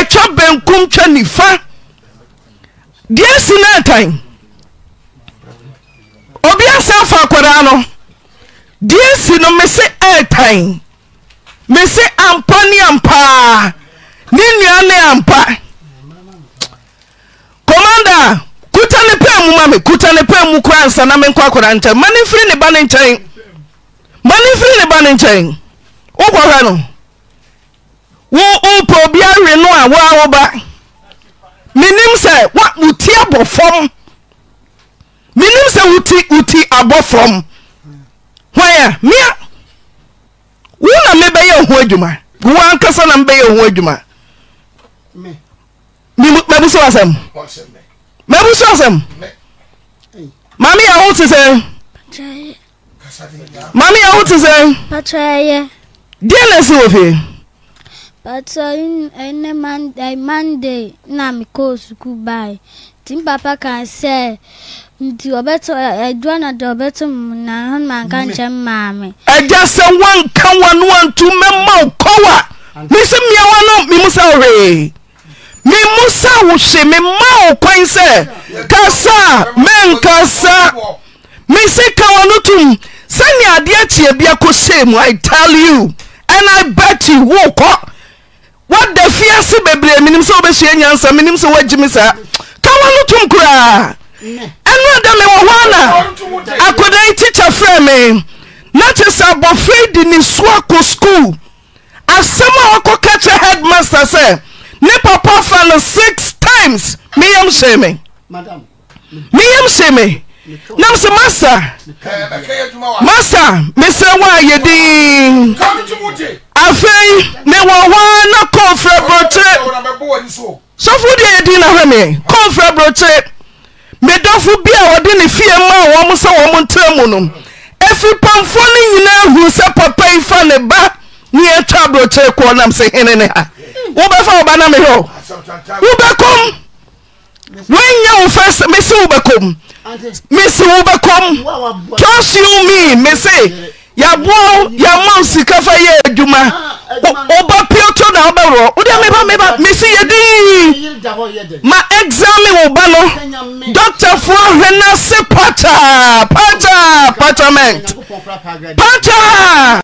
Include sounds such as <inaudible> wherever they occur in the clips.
ɛtwɛ benkum twɛ nefa deɛ si no ɛta ɔbi ansa fa akada no deɛ si no mese ata mese ampa neampaa ne nua ne ampa comandaa kutane pɛa muma me kutanepɛa mu kora nsana menkɔ akada nkyɛ manefirinebane nkɛn mane firi ne ba ne nkyɛn woɛno wo wopɛ obi awe no a woa wo ba menim sɛ woti abɔfɔm menim sɛ uti abɔfɔm hwan a mia. wo na mebɛyɛ ho adwuma woankasa na mebɛyɛ ho adwuma mabuso asɛm mabuso asɛm mame yɛ ho te sɛ mame yɛ ho te sɛ deɛ na ɛsi wɔ fie but uh, any monday nnamdi sukuu school by tin papa can say nti aduana de ɔbɛto mu eh, na ma nka nkyɛ maame agya sɛ woanka wano anto mɛma wo kɔwa me sɛ mmiawa no memu sa wo hwee memu sa wo hwe mema wo kwan sɛ kasa menkasa mese ka wa no tom sɛnea adeɛ kyeɛ bia kɔsɛe mu i tell you and i bet you woda fiase bebreea menim sɛ wobɛhyi anyansa menim sɛ woagyi mi saa ka wa no tom koraa ɛno ada mewɔ hɔ ana akodani teache frɛ me na kye sɛ abɔfrei de nesoako skuul asɛm a wɔkɔ ka kyerɛ headmaster sɛ ne pɔpɔ fa no six times meymhyee meyem nam sɛ masa masa mesrɛ wo a yɛ din afei mewɔ hɔ na kɔmfrɛ borɔkyere sɔfo deɛ yɛ din na hwɛ me kɔmfrɛ borɔkyere medɔfo bi a wɔde ne fie maa wɔn sɛ wɔn ntera mu no afipamfoɔ no nyinaa huru sɛ papa yi fa ne ba ne yɛtwa borɔkyere kɔɔ nam sɛ hene ne ha wobɛfa wɔba na mehwɛ wobɛkom woanya wo fɛ mese wobɛkom mesi wo bɛkɔm tɔnsi wo mi mesi yaboa yamɔ sika fa yɛ adwuma ɔba ah, pioto na ɔbɛworɔ wode meba meba mesi Yedi, ma exame wo ba no dɔktafoɔ hwɛ na se pata pata patament pata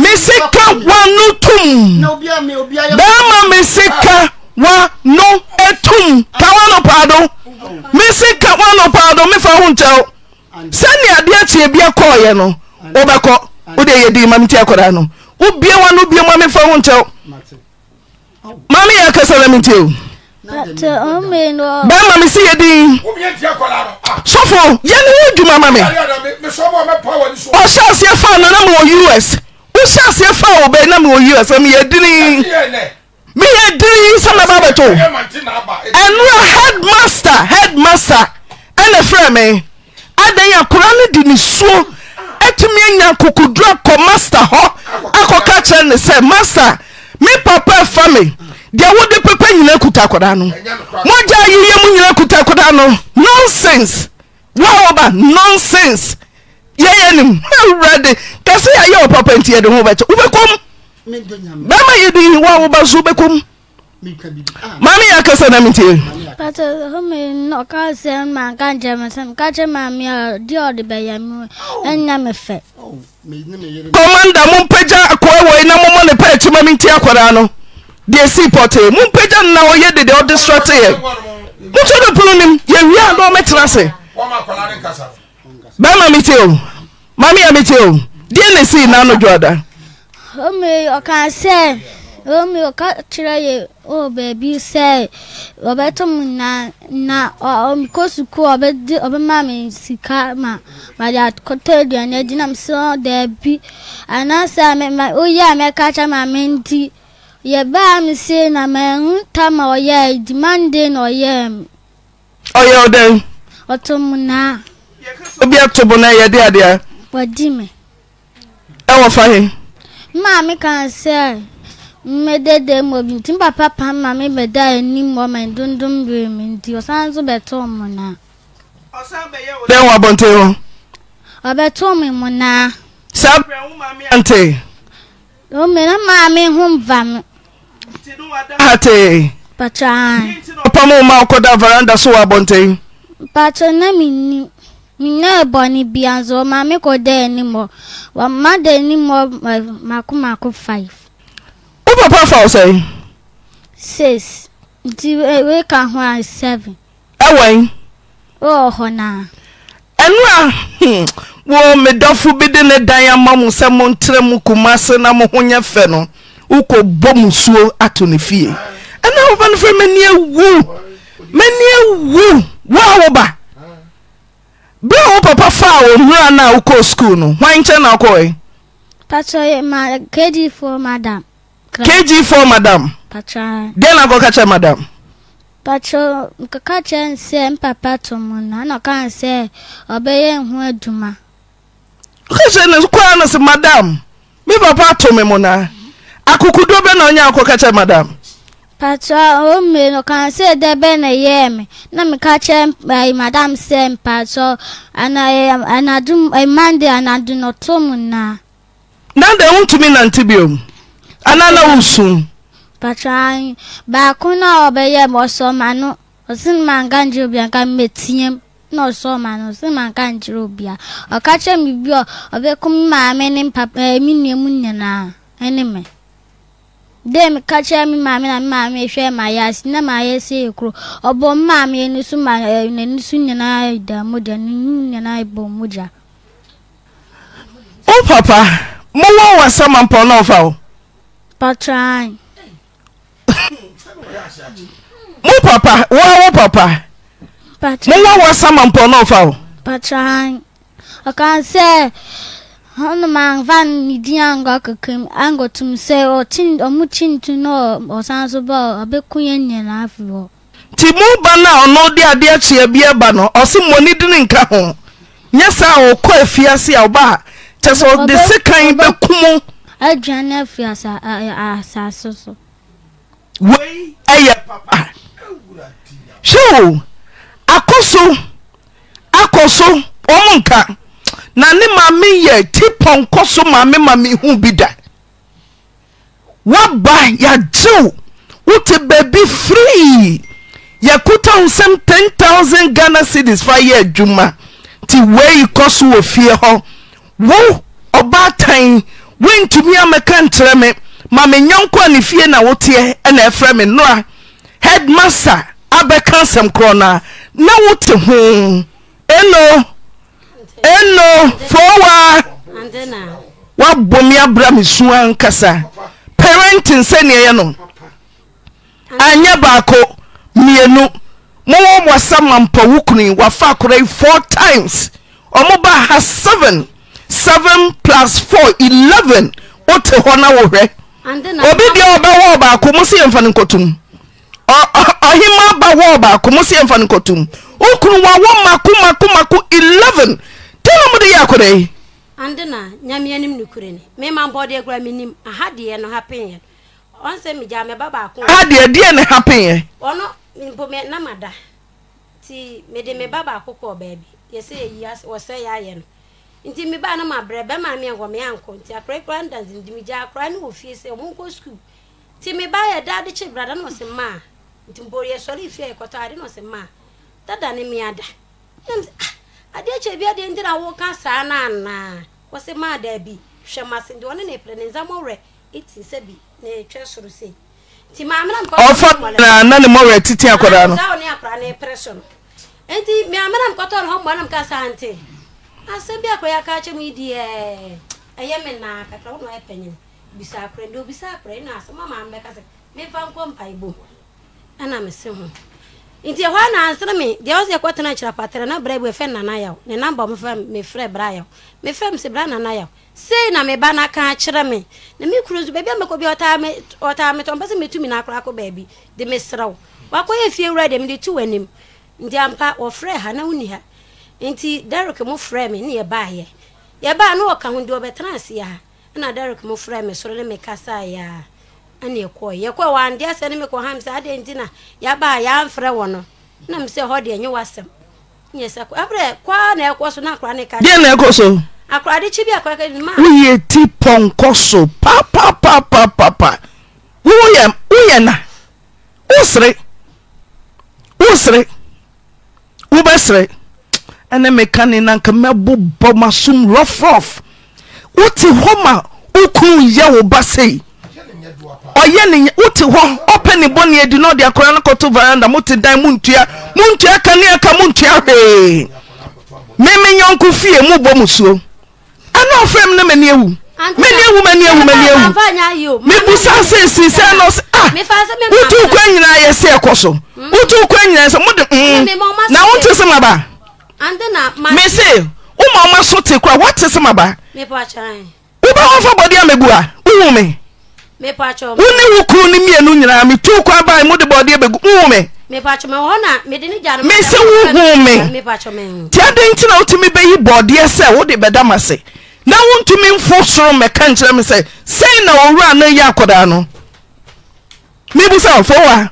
mesika wano tom bɛrima mesika wa no etum ka woanɔpaa do mese ka woanɔpaa do mefa ho nkyɛw sɛnea adeɛ kyeɛ bia kɔɔeɛ no wobɛkɔ wode yɛ dii ma meti akɔdaa no wobiewa no bioma mefa ho nkyɛw ma meyɛ akasa na mentio bɛima mesi yɛ din ah. sɔfo yɛne wo dwuma ma me ɔhyɛ aseɛ faa no na mewɔ us wohyɛ aseɛ faa wɔ bɛi na mewɔ us meyɛ ni. Mi yɛ diri sama ba bɛto ɛnura headmaster headmaster ɛna fira mi adan akora no de ne suo ɛtumi anya kokodura kɔ master hɔ akɔka kyerɛ ne sɛ master Mi papa fa me deɛ wode pepa nyina kuta akɔda no mogya yiyɛ mu nyina kuta akɔda no nonsense wawoba nonsense yɛyɛ nim awurade kɛsɛ yɛayɛ wɔ papa nti yɛde ho bɛkyɛ wobɛkɔm bɛma yɛdi wa wo so bɛkom ah. mame yɛ akasa na oh. oh, metie na ma nka nkyerɛ me sɛm ka kyerɛ maame a deɛ ɔde bɛyɛ me me fɛ kɔmanda akoa na mommɔ ne pɛ akyima me akwadaa no deɛ no na ɔyɛ dede ɔde srɔteɛ moto pono nim yɛwie a na ɔmɛtena ase bɛma metie o metie o deɛ ne sii na no dwoada o meu omi o meu tirei o bebê sei, o beto na na o me cosuco o bebê o bebê mami ọ calma, mas a conta de ane de não sou debi, a nossa me me o ia me cacha mamenti, ye ba me na ma mande m. Obi na maame kan sɛ mmedede mu obi mba papa pam maame bɛda anim wɔ ma dundun bere mi nti ɔsan nso bɛtɔ mu na. ɔsan bɛyɛ wo. dɛn wɔ abɔnten hɔ. ɔbɛtɔ mu mu na. saa bɛrɛ na maame ante. o mene maame ho nfa mi. nti ni wa da. ate. patraa. ɔpam wo ma ɔkɔ da varanda so wɔ abɔnten. patraa na mi ni. mi náà bọ̀ níbi àǹzọ̀ ma mi kò dé ẹni mọ̀ wà má dé ẹni mọ̀ màkúmàkú five. wọ́n pọ̀ pọ̀ fà ọ̀sẹ̀ six nti ewe eh, ka ho a seven. ẹwọ e yìí. wọ́n wọ̀ họ náà. ẹnu a hmm, wọ́n mi bi de ne dan ama mu sẹ́ mo n tẹ́rẹ̀ mu Kumasi na mo ho nyẹ fẹ́ no wọ́kọ̀ bọ́ mu suo ato ne fie ẹnu a bá ne ewu mẹ́ni ewu wọ́n ba. berɛ wo papa faa wɔ mmura a skuul no hwan nkyɛ na kg kgfo madam deɛ na kɔka kyɛ madam patro mkaka kyerɛ n mpapa to mu no ana ɔkaa sɛ ɔbɛyɛ ho adwuma woka kyerɛ ne koraa no sɛ madam me papa me akokodoɔ bɛ na akɔka kyɛ madam mpatsɔ ome no kan sɛ na yɛ eme na meka kyerɛ ɛyi madam sɛ mpatsɔ ana mande na na. na de ntumi nante na anyi baako na ɔbɛyɛ ma ɔsɔ ma no obi nka mmetie mu na obi a mi bi maame ne mu dem ka kyerɛ me maame na me maame ma ya ase na ma yɛ se kuro ɔbɔ maame ani so ma n'ani so nyinaa da mogya ne nyinaa bɔ mogya wo papa mowɔ wɔ sɛ ma mpɔ na ɔfa wo patran <coughs> mo papa woa wo papa mpɔ patran honomavani dianga kakem ango tumse otin omuchintu no osanzuba obekuye nyela avuo ti mu ba na ɔno de adeɛ kyea bi aba no ɔse mmɔni di ne nka ho nyɛ sɛ ɔkɔ afiase e a ɔba a kyɛ sɛ ɔde sekan bɛkumu aduane afi asase so wei ɛyɛ papa hwɛ o akɔ nka na ne maame yɛ ti pɔnkɔ so maame maame hu bi da waba yagyew wote baabi firii yɛkuta nsɛm 10000 ghana cities fa yɛ adwuma nti wei kɔ so wɔ fie hɔ wo ɔbaatan wontumi amɛka nkyerɛ me ma menyɔnko a ne fie na woteɛ ɛna ɛfrɛ me nnora headmaster abɛka asɛm korɔ no na wote ho ɛno eno fowa wa me abra mesua ankasa parentin sɛneɛ yɛ no anya baako mienu mmienu mowɔ moasa mampa wo kuni wafa akora yi four times ɔmo ha seven seven plus four eleven wote hɔ na wohwɛ obi deɛ ɔbɛwɔ baako mo sɛ yɛmfa no nkɔtom ɔhema ba wɔ baako mo sɛ yɛmfa no nkɔtom wo kunu wawɔ mako mako mako eleven sɛno mode yɛ ande na nyame anim nokorɛ mema bɔdeɛ kora menim aha deɛ no hapeeɛ ɔnsɛ megya mɛba baako aha deɛ deɛ ne ɔno na mada nti mede meba baako kɔɔ baabi yɛsɛ yɛyi wɔsɛ yɛayɛ no nti meba no mabrɛ bɛma me ɛnkɔ me ankɔ nti akora kora nti megya akora wɔ fie sɛ nti meba yɛ da de kye brada na ɔse maa nti yɛsɔre fie yɛkɔtɔ ade ah, na ɔse maa dada ne meada adeɛ kyɛ bi adeɛ nti na woka saa no anaa wɔsɛ maa daabi hwɛ mase nti ɔne ne prɛ ne nsa mɔwerɛ ɛti sɛ bi na ɛtwɛ soro sei nti maame na mpa ɔfa na na ne mɔwerɛ tete akwadaa no saa ɔne akwadaa ne prɛ so no nti maame na mkɔtɔ ne hɔ mbɔ na mka saa nte asɛm bi akwadaa aka akyɛ mu yi deɛ ɛyɛ me na kakra wɔn ayɛ panyin bisa akwadaa nti obisa akwadaa yi asɛm ama maame bɛka sɛ mefa nkɔ mpaebom ɛna mese ho nti ɛhɔ ansere me deɛ ɔsɛ ɛkɔtena akyira patera na brɛ bɛfɛ nanayaw ne namba mefrɛ mefrɛ brayaw mefrɛ m sɛ bra nanayaw sei na meba no aka kyerɛ me na me kuro so baabi a mɛkɔ bi ɔtaa metɔ mpɛ sɛ metumi no akora akɔ baabi de meserɛ wo wakɔyɛ fie wura deɛ mede tu w'anim nti ampa wɔfrɛ ha na woni ha nti derek mo frɛ me ne yɛbaayɛ yɛbaa na ɔka ho deɛ ɔbɛtena aseɛ ha ɛna derek mo frɛ me sore ne mekasaeɛ a ɛna yɛkɔ yɛkɔ wɔ andeɛ sɛ ne mekɔ ham sɛ adeɛ nti na yɛba a yɛamfrɛ wɔ no na m sɛ hɔ deɛ nyɛ wasɛm nyɛ sɛ abrɛ kɔa na ɛkɔ so na akora ne ka deɛ na ɛkɔ so akorade kyi bi ma woyɛ ti pɔnkɔ so papapapapapa woyɛ woyɛ na wosere wosere wobɛsere ɛne meka ne nanka mɛbobɔ masom wote hɔ ma yɛ wo ba sei ɔyɛ ne wote hɔ ɔpɛ ne bɔne adi na ɔde akɔra no kɔto varanda ah! mote dan montua montua kaneaka montua hwee meme nyɔnko fie mobɔ mu suo ana ɔfrɛ m no m'ani awu m'ani awu m'ani awu m'ani awu mebusa sɛ no wotu nyinaa yɛ sɛ ɛkɔ so wotu nyinaa sɛ mode na maba woma ɔma so te kora maba fa bɔde a a wone wo kuro no mmienu nyinaa metu kwa ba mode bɔɔdeɛ bɛgu wo me mesɛ wohu me nti nti na wotumi bɛyi bɔɔdeɛ sɛ wode bɛda ma se na wontumi mfo soro mɛka nkyerɛ me sɛ sɛi na ɔwura yɛ akɔdaa no mebu sɛ memfa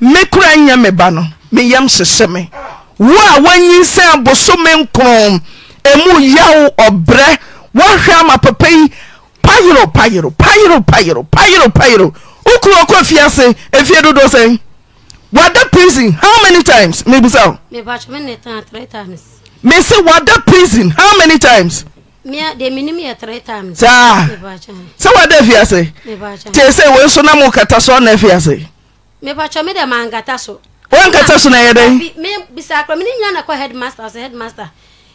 me kora nyɛ me ba no meyam me wo a aboso me mu yao bre wa mapapai pr prr krko fise fiedod se da peson how any tims es mese wda preson how any timsswd fstsewsonmkatas nefisekas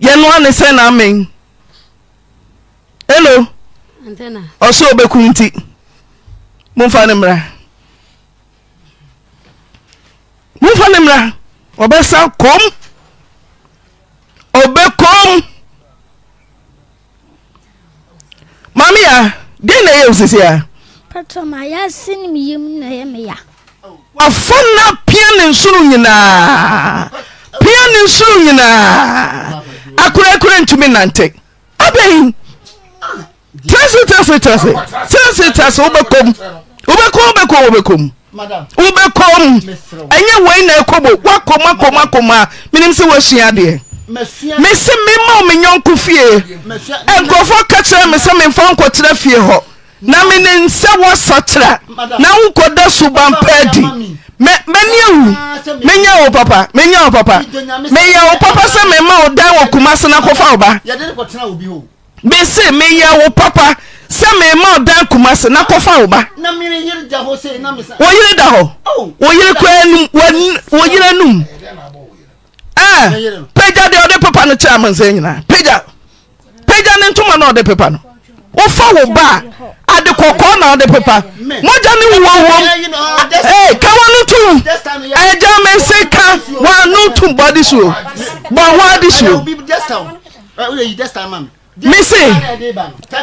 yɛn ano sɛ na amɛn elo ɔsɛ obɛku nti momfa ne mmra momfa ne mmra ɔbɛsa kom ɔbɛkom mame ya deɛ na ɛyɛ osisi a wafa na pia ne nsoro nyinaa pia ne nsoro nyinaa akurakura ntumi nante abɛn tase tase tase tase tase wobɛkɔm wobɛkɔm wobɛkɔm wobɛkɔm wobɛkɔm ɛnyɛ wei na ɛkɔbɔ wakɔm akɔm akɔm a menim sɛ woasua adeɛ mese mema wo me nyɔnko fie nkurɔfoɔ ka kyerɛ me sɛ memfa nkɔtena fie hɔ na mene nsɛ wɔ sakyera na wokɔda suban pa mɛni ewu mɛnya wo papa mɛnya wo papa mɛnya wo papa sɛ mɛma wo dan wɔ kumase na kɔfa wo ba bese mɛnya wo papa sɛ mɛma wo dan kumase na kɔfa wo ba wɔ da hɔ wɔ yiri kura enum wɔ yiri enum ɛɛ pɛgya deɛ ɔde pepa no kyerɛ amansɛn nyinaa pɛgya pɛgya ne ntoma na ɔde pepa no wofa wo ba ade kɔkɔɔ na ade pepa mogya ne wowɔwɔm ka wano tom ɛgya me se ka wano tom bɔ ade suo bɔ ho ade suo mese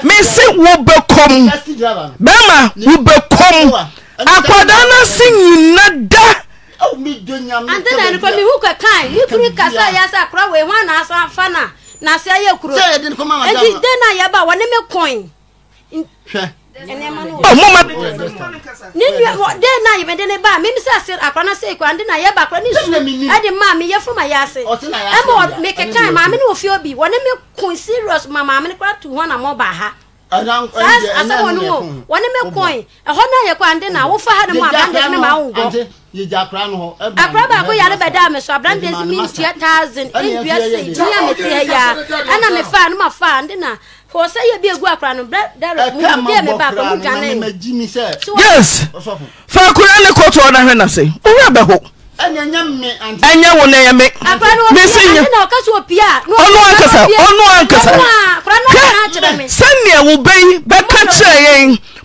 mese wo bɛkɔm bɛrima wo bɛkɔm akwadaa no se nyina da antena nipa mi hu kɛkan mi kuri kasa yasa sɛ kora wei ho anaasɔ afa na na sɛ yɛ kuro eti den na yɛ ba wɔ ne mi kɔn. moma ne nua den na yɛ de ne ba mi sɛ ase akora se ekura de na yɛ ba akora ne su ɛde maa mi yɛ fun ma yase. ase ɛmɛ mi keka maame ne wɔ fie obi wɔ ne mi kɔn serious ma maame ne kora tu hɔn na mo ba ha asɛmɔ no mu wɔne me kɔe ɛhɔ no ayɛ kwande na wofa ha no mu abrandeɛ ne ma wowɔ akora baako yare bɛdaa me so abrandeɛ se mendua thousand ndua sei tia mete ha yaa ɛna mefaa no mafaa nde na kò sẹ yẹ bi egu akora no brẹ dẹrẹ mu bi ẹ mi ba akora mu dwane. yes faakura ne kootu ọ̀nà hwẹ́ na se wúwo abẹ́ hó ɛnyɛ wo ne yɛ me mesi nyɛ ɔno ankasa ɔno ankasa hwɛ wo bɛyi bɛka kyerɛ yɛn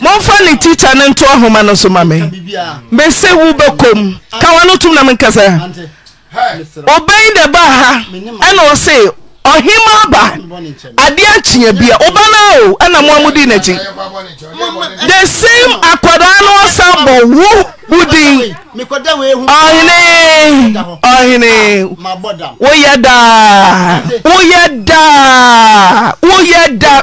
momfa ne teache no nto ahoma no somame mesɛ wobɛkm kawa no tna mekasa ɔbɛn dɛ ba ha ɛnaɔse ɔhemaba adekyea bia oba noo ɛnamoa mudi nagyi the sm akdaa n sa b wo woin mekɔda wei hu ɔhene ɔhene woyɛ daa woyɛ daa woyɛ daa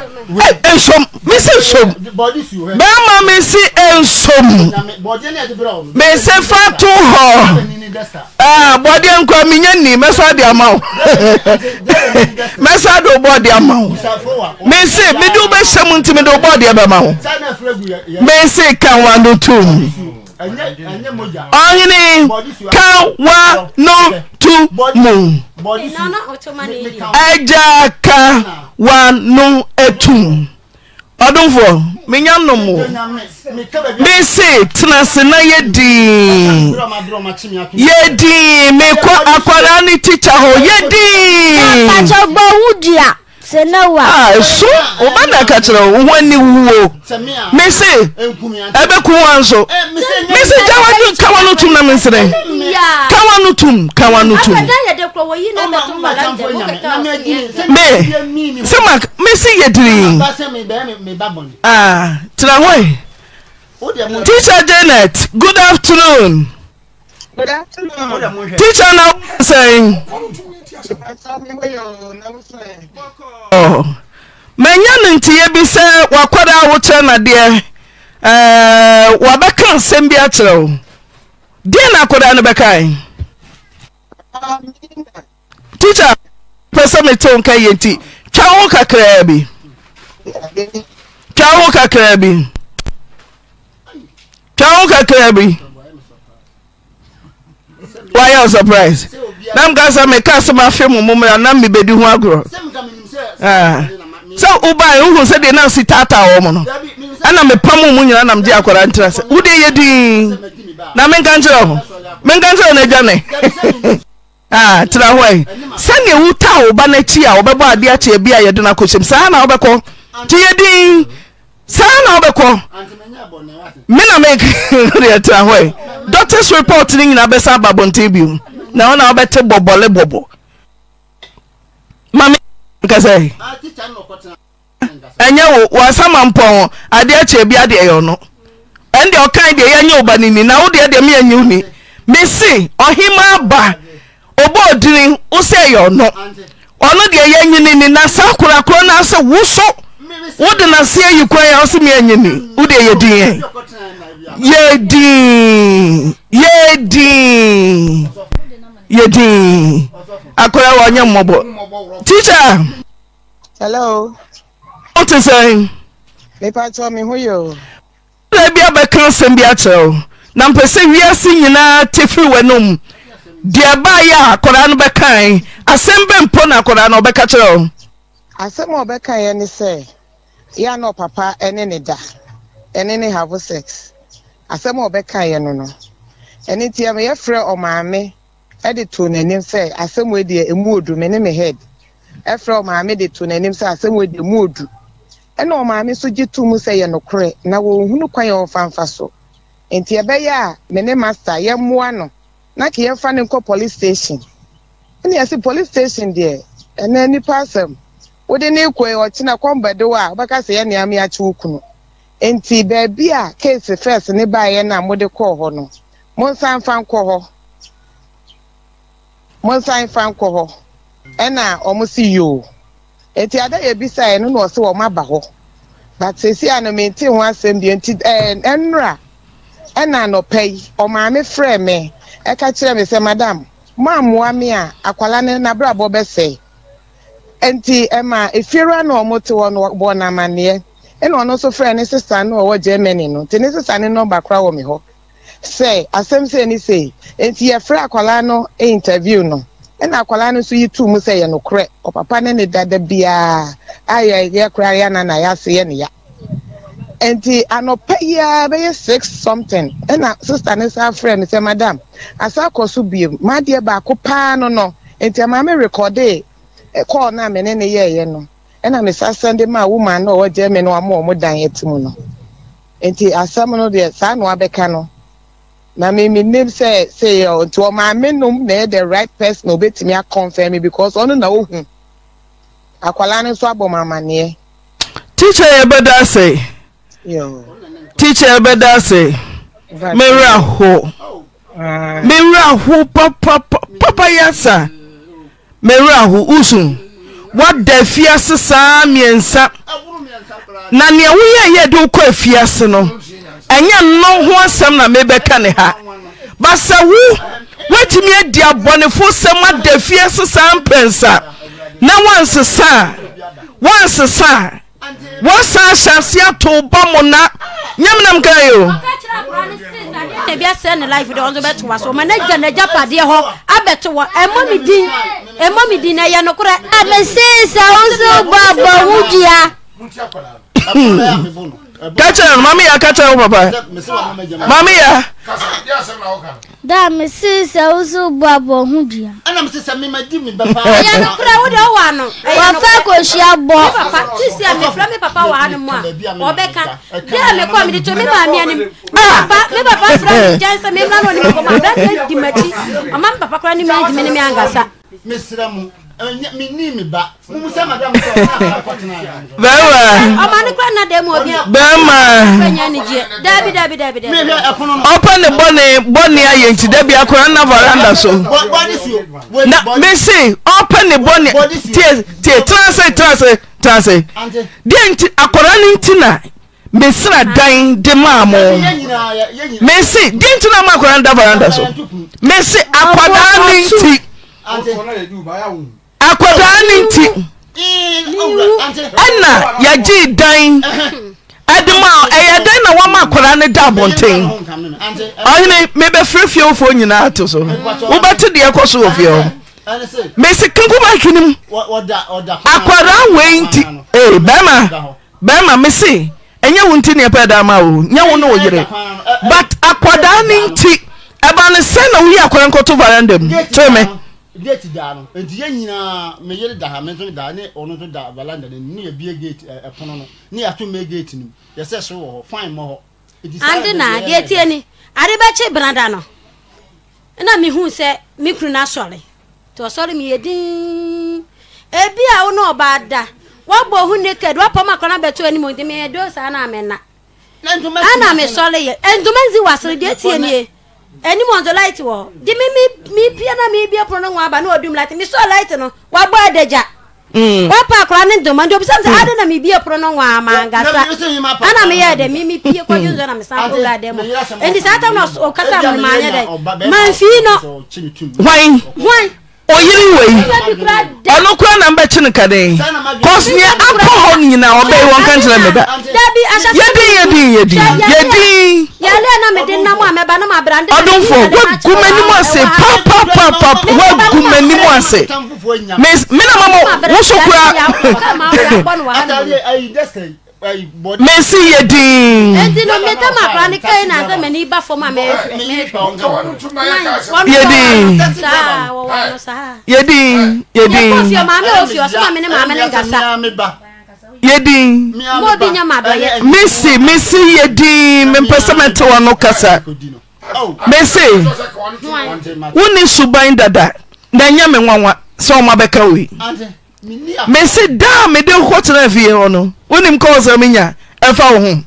nsom mese nsom bɛrima mese nsom mese fa to hɔ bɔdeɛ nkɔ menya ni ah, mɛsa de ama wo mɛsa de wo bɔdeɛ ama wo mese mede wobɛhyɛ mu nti mede wo bɔdeɛ bɛma wo mese ka wa no tom ɔhene ka wa no tu mu agya ka wa no atum ɔdomfoɔ menya nom o mese tena na yɛdin yɛdin mekɔ akwara ne tikya hɔ yɛdin sɛ ne wa. a so ɔba na ka kyerɛ wo wɔn ni wuo mese ɛbɛkum wa nso mese gya wadu kawa no tum na me nsere kawa no tum kawa no tum me Se ma mese yɛ diri. ah tira hɔ yi teacher janet good afternoon. ta nosɛ manya no nteeɛ bi sɛ woakwɔda wokyerɛ na deɛ eh, wɔabɛka asɛm bi akyerɛ wo deɛ ne akwɔdaa no bɛkae ɛ sɛ metewokaɛnti twa wokakrabiwa wabwa w wayɛ surprise na mka sa meka asɛm afe momomra na mebɛdi ho agorɔ sɛ sɛ deɛ na si taataa no ɛna mepam mu nyina nam akwara ntera sɛ wode yɛ diin na menka nkyerɛ ho menka nkyerɛ no agya ne tera ho ɛ sɛneɛ wotaa wo ba no a ebi a saa na wobɛkɔ yɛ saa na wobɛkɔ mena medeɛtra hɔ doctors report no nyina bɛsa babɔnte biom na wona wobɛte bɔbɔle bɔbɔ mameka sɛ ɛnyɛ wo wɔasama mpɔn adeɛ akyɛ bi adeɛ yɛ ɔno ɛndeɛ ɔkae deɛ yɛanyɛ wo ba no ni na wodeɛ deɛ meyɛnyɛ wo ni mese ɔhema aba ɔbɔɔdini wo sɛ yɛ ɔno ɔno deɛ yɛanyini ni na saa korakora no asɛ wo so wode naseɛ yi kwa a wosɛ meanyini wode yɛ din yɛdin yɛdin yɛdin akora wɔnyɛ mmɔbɔ tikha wote sɛn da bi abɛka asɛm bi achọrọ, na mpɛ sɛ wiase nyinaa tefiri w'anom deɛ baa yɛ a akɔraa no bɛkae asɛm bɛ mpo na akɔraa no ɔbɛka kyerɛ wo ya na papa ne ne da ɛne ne have sex asɛm a ɔbɛkaeɛ no no ɛne nti ɛmɛ yɛfrɛ ɔmaame ɛde e to n'anim sɛ asɛm wɔ deɛ emu odu me ne me head ɛfrɛ e ɔmaame de to n'anim sɛ asɛm wɔ deɛ emu odu ɛna e ɔmaame nso gye to mu sɛ yɛ nokorɛ na wɔnhunu kwan yɛ ɔfanfa so nti ɛbɛyɛ a me ne master yɛmmoa no na ke yɛmfa ne nkɔ police station ɛne yɛsi police station deɛ ɛnɛ nipa asɛm wode ne kɔ ɔkyena kɔmbɛde wɔ a wobɛka sɛ yɛ nneɛma yɛakye wo kunu nti baabi a keesi fɛs ne baeɛ no a mode kɔɔ no monsan fa nkɔ hɔ monsan fa nkɔ hɔ si yoo eti ada yɛ na ɔsi wɔn aba hɔ but esi a no mente ho asɛm deɛ nti ɛɛ ɛna yi ɔmaame frɛ ɛka kyerɛ sɛ madam mo amoa a ne n'abrabɔ nti ɛma efiewura na wɔn te hɔ no bɔ n'amanneɛ ɛna ɔno nso frɛ ne sista no ɔwɔ germany no te ne sista ne nɔmba kora wɔ mi hɔ sɛ asɛm sɛ ni sɛ nti yɛfrɛ akwadaa no interview no ɛna akwadaa no nso oh, yi tuu mu sɛ yɛ no korɛ ɔpapa ne ne dada biara a yɛ yɛ kora yɛ nana yɛ ase yɛ ne ya nti anɔpa yia bɛyɛ six something ɛna uh, sista ne sa frɛ ne sɛ madam asa akɔ so biem mu adeɛ baako paa no no nti maame rekɔde kɔɔ na mɛ ne ne yɛɛyɛ no ɛna mɛ sasa de ma woman na ɔwɔ germany no ama ɔmo dan ɛte mu no nti asɛm no deɛ saa na wabɛka no na mɛ mɛ nim sɛ sɛ yɛ nti ɔmaame nom na yɛ the right person obetumi akɔnfɛn mi because ɔno na ohu akwalaa no nso abɔ mu amaneɛ. teacher yɛ bɛ da ase. teacher yɛ bɛ da ase. mɛ wura ho mɛ wura ho papa papa yasa. Mm -hmm mewurahu usum wada afiase saa mmiɛnsa na nea woyɛ yɛ de wokɔ afiase no ɛnyɛ nnɔ ho asɛm na mebɛka ne ha basa wo woatumi adi abɔnefo sɛm ada afiase saa mprɛnsa na wansesa a wansesa a wa sa sasea to bɔ mona yamena mkneɛnanapadɛ h atnɛn da mese sɛ wo so bɔ abɔ ho dua ɛna mese sɛ memadi me bɛpayɛ nokorɛ wode wowa no wɔfa kɔhyia bɔ tusi a mefrɛ me papa waa no mu a ɔbɛka bia mekɔ mede to me maame anim me papa frɛ megyɛn sɛ memra no ɔne mekɔma brɛ di m'akyi ɔma me papa kora ne meadimi ne me ankasa mesrɛ mu bɛɛma bɛɛma ɔpɛ ne bɔne bɔne ayɛ nti dabi akora na varanda so na mese ɔpɛ ne bɔne tie tie trase trase trase deɛ nti akora no nti na mesira dan de maa mo mesi di nti na ma akwadaa da varanda so mesi akwadaa ni nti. akwadaa ne nti ɛna yɛgyee dan ɛde ma ɛyɛ dɛn na woama akwadaa ne da abɔnten ɔhene mebɛfrɛ fiewfoɔ nyinaa to so wobɛte deɛ kɔ so wɔ fie hɔ mesi kenkoma kenem akwadaa wei nti eh, bɛrima bɛrima mese ɛnyɛ wo nti neɛpɛ da ma o nyɛ wo ne wo yere but akwadaa ne nti ɛba ne sɛn na woyi akwara nkɔto varanda mu kyerɛ me gate daa no nti yɛn nyinaa me yere da ha me nso da ne ɔno nso da balanda ne ne yɛ bie gate ɛpono no ne yɛ ato me gate no yɛsɛ so wɔ hɔ fine mɔ hɔ. ande na gate yɛ ni ade bɛkye brada no ɛna mi hu sɛ mi kunu na sɔre to ɔsɔre mi yɛ diin ebi a wo na ɔbaa da wabɔ ohu naked wapɔm akɔla bɛto anim nti mi yɛ do saa na amena ɛna mi sɔre yɛ ntoma nzi wasere gate yɛ nie. ɛni mu ɔnzɔ laiti wɔ di mi mi mi pia na mi bia pono ŋun aba ne odum laiti mi sɔ laiti no wa bɔ ɛdɛgya. wa pa akora ne ntoma nti obisa sɛ ade na mebie poro no wa ma nkasa ana meyɛ dɛ me mepie kɔdwo nsɔ na mesan koga dɛ mu enti saa tam na ɔkasa mo maanyɛ dɛ mamfii no hwan hwan oyere wei ɔno kora na mbɛkye no ka cause neɛ akɔ hɔ no nyinaa ɔbɛyi wɔn ka nkyerɛ meda yɛdin yɛdin yɛdin yɛdin ɔdomfo woagu nimu ase papapapap woagu nimu ase mena ma Eh, mesi yɛ din. ɛnti no mi tẹ́ ma kura ni kẹ́hìn náà sẹ́ mi ní ibà fọ́ ma mẹ́ yɛ din yɛ din yɛ din. yɛ kɔfiyɔ maame o fiyɔ sọ maame ni maame ni gasa. yɛ din. mo di nya ma dɔ yɛ. mesi mesi yɛ din mi pɛ sɛ mi ti wɔn no kasa mesi wọ́n ní suban dada na ẹ̀ nyẹ́ mi nwanwa sọ ọ́n ma bẹ ká wei mesi daa mede wokɔtena fie hɔ no wonim kɔwɔ sɛ menya ɛfa wo ho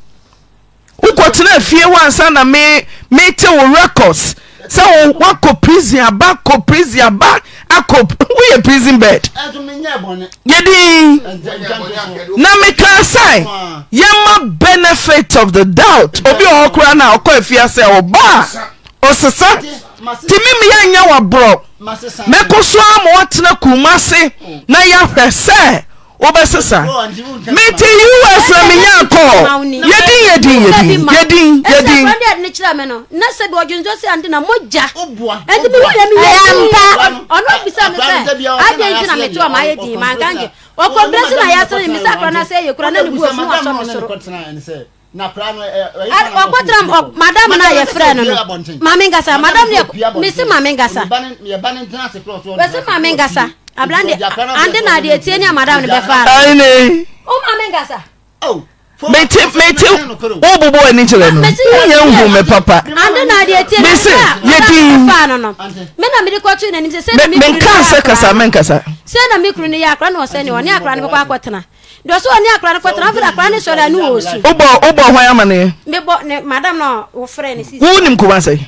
wokɔtena fie hɔ ansa na mete wo records sɛ woakɔ prison aba kɔ prison aba akɔ <laughs> woyɛ prison bed yɛdin na mekaa sae yɛma benefit of the doubt obi ɔhɔ koraa no a ɔkɔ afie sɛ ɔba a ɔsesa nti meme yɛanyɛ waborɔ me ko so a mo wɔtena koma se na yɛhwɛ sɛ wobɛse samete s na menyakɔyen nmeti oboboanikerenoyahume papaekase kasa mekasa dɔsɛ ɔne akra no kɔtena afei akra ne sɔre ane wɔ su wobɔ wobɔ hwan ama ne mebɔ ne madam no wofrɛ ne sisi wonim koma sɛ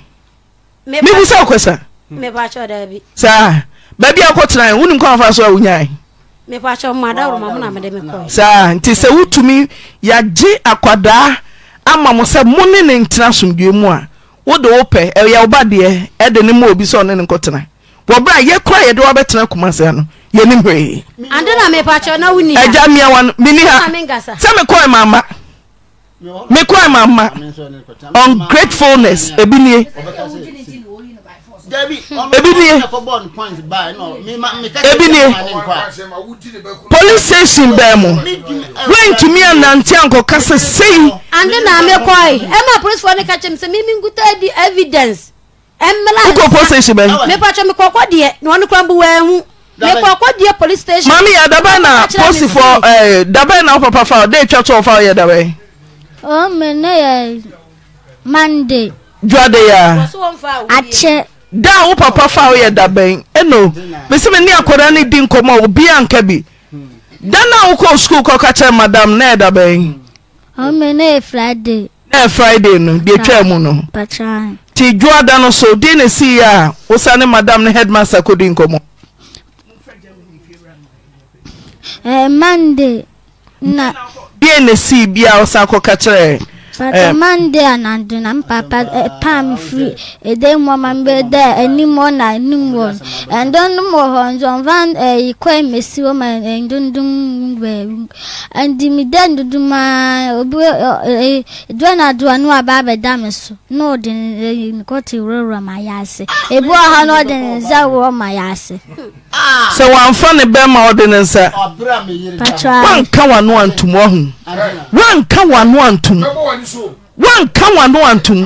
mebu sɛ wokɔsa mepakyɛ hmm. daabi saa baabi a wokɔtena wonim kɔ afa so a wonyae mepakyɛ mmada woroma mo na mede mekɔe saa nti sɛ wotumi yɛagye akwadaa ama mo sɛ mo ne ne ntena asomdwe mu a wode wopɛ ɛyɛ wo ba deɛ ɛde ne ma obi sɛ ɔne ne nkɔtena wɔ berɛ a yɛkora yɛde wabɛtena kuma sɛ no yɛnim hwee agya mmea wa no meni ha sɛ mekɔe mama mekɔe mama ungratefulness ebi nie hmm. ebi nie ebi nie police station bɛɛ mu wɛntumi anante ankɔka sɛ sei ande na mekɔe ɛma polisifoɔ no ka kyɛm sɛ mimi nkuta di evidence ɛmmela wokɔ police station bɛn mepatwɛ mekɔkɔ deɛ na ɔno kora mbowaa hu mekɔkɔ die police station. maami ya dabɛn na posifɔ ɛɛ dabɛn na papa fa de etwa tɔ fa yɛ dabɛn. o oh, mɛ ne yɛ mande. dwade ya. akyɛ. Daa wo papa fa yɛ dabɛn ɛno mesimi ni akɔda ni di nkɔmɔ obi anka bi da na wokɔ sukuu kɔka kyerɛ madam na yɛ dabɛn. o oh, mɛ ne yɛ friday. Ne yɛ friday no deɛ etwa mu no. ti dwada no so di ne si ya. a wosa ne madam ne headmaster kɔ di nkɔmɔ. Eh, manda n bia na sii bia wo sa kɔ ka kyerɛ pata mande anandu na mpapa pam firi ede mu ọma mbe dẹ anim eh, eh, eh, na anim wọ ẹndọ num wọ hɔ nzɔnva ɛyi kɔ emesi wɔ ma ndundum bɛɛbi ndimi dɛ nduduma obi ɛɛ doa na doa no aba abɛda mi so na ɔde ɛyi nkɔte wurawura ma yɛ ase ebi wɔ ha na ɔde ne nsa wɔ ma yɛ ase. sɛ wàmfa ne bɛrima ɔde ne nsa wanka wano antum ɔho wanka wano antum. woanka wano antom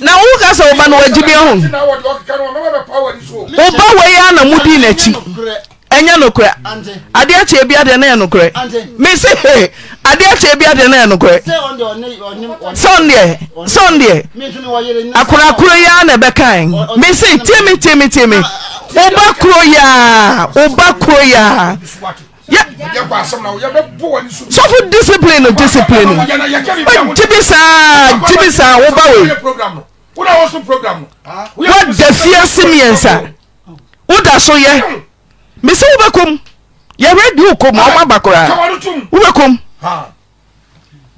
na woka sɛ woba no wagyibia ho woba wei a na mudii n'akyi ɛnyɛ nokorɛ adeɛ akyɛ bi adeɛ no yɛ nokorɛ me se he adeɛ akyɛ bi adeɛ no yɛ nokorɛ sɔndeɛ sɔndeɛ yi ara na ɛbɛkae me se tie me tie me tie ah, me ah, ah. woba koro yi a woba koro yi a sọfún discipline discipline ó jibi saa jibi saa wọ́n bá wò wọ́n dẹ̀ fíẹ́ sí mìíyànsá wọ́n dà so yẹ mèsì wọ́n bẹ kọ́ mu yẹ rédíò kọ́ mu ọmọ abakora wọ́n bẹ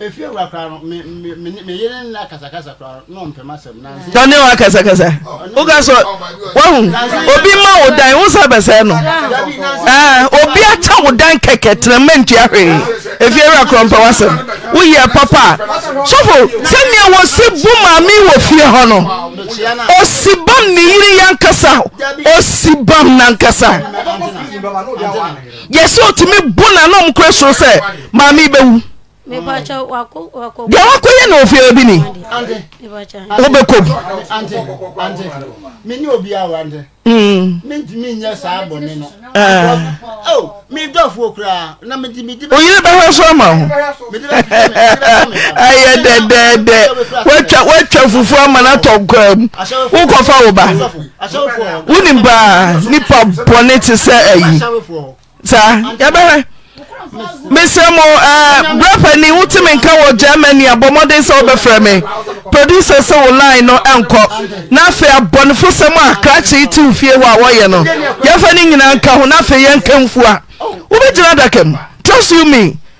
efi ewura kura no me me me yere nna kasakasa kura no mpem asɛm nansi. tɔni wa kasakasa o ka sɔ wahu obi ma wo dan o sa bɛsɛ no eh, obi ata wo dan kɛkɛ tẹnɛmɛ ntua hwee efi ewura kura mpɛ wa sɛm o yɛ papa sɔfo sɛnea wɔ si bu maame wɔ fie hɔ no o si bam ne yiri yankasa o si bam nankasa yɛsɛ o ti mi bu na anam kura soro sɛ maame bɛ wu deɛ wakɔyɛ na ofie bi ni wobɛkɔm mene obi awande mentumi nyɛ saa bɔne no medɔfoɔ koraa na mede mede oyere bɛhwɛ so ama ho ayɛ dɛdɛdɛ woatwa fufuo ama no atɔ nkoa mu wokɔfa wo ba wonim baa nnipa bɔne te sɛ ayi saa yɛbɛhwɛ mesɛ mo eh, brɛpani wotimi nka wɔ germany abɔ mmɔden sɛ wobɛfrɛ me producer sɛ wo line no ɛnkɔ na afei abɔnefo sɛm a krakyee te wo fie hɔ a wɔyɛ no yɛmfa no nyinaa nka ho na afei yɛnka mfu a wobɛgyina adaka mu trust you me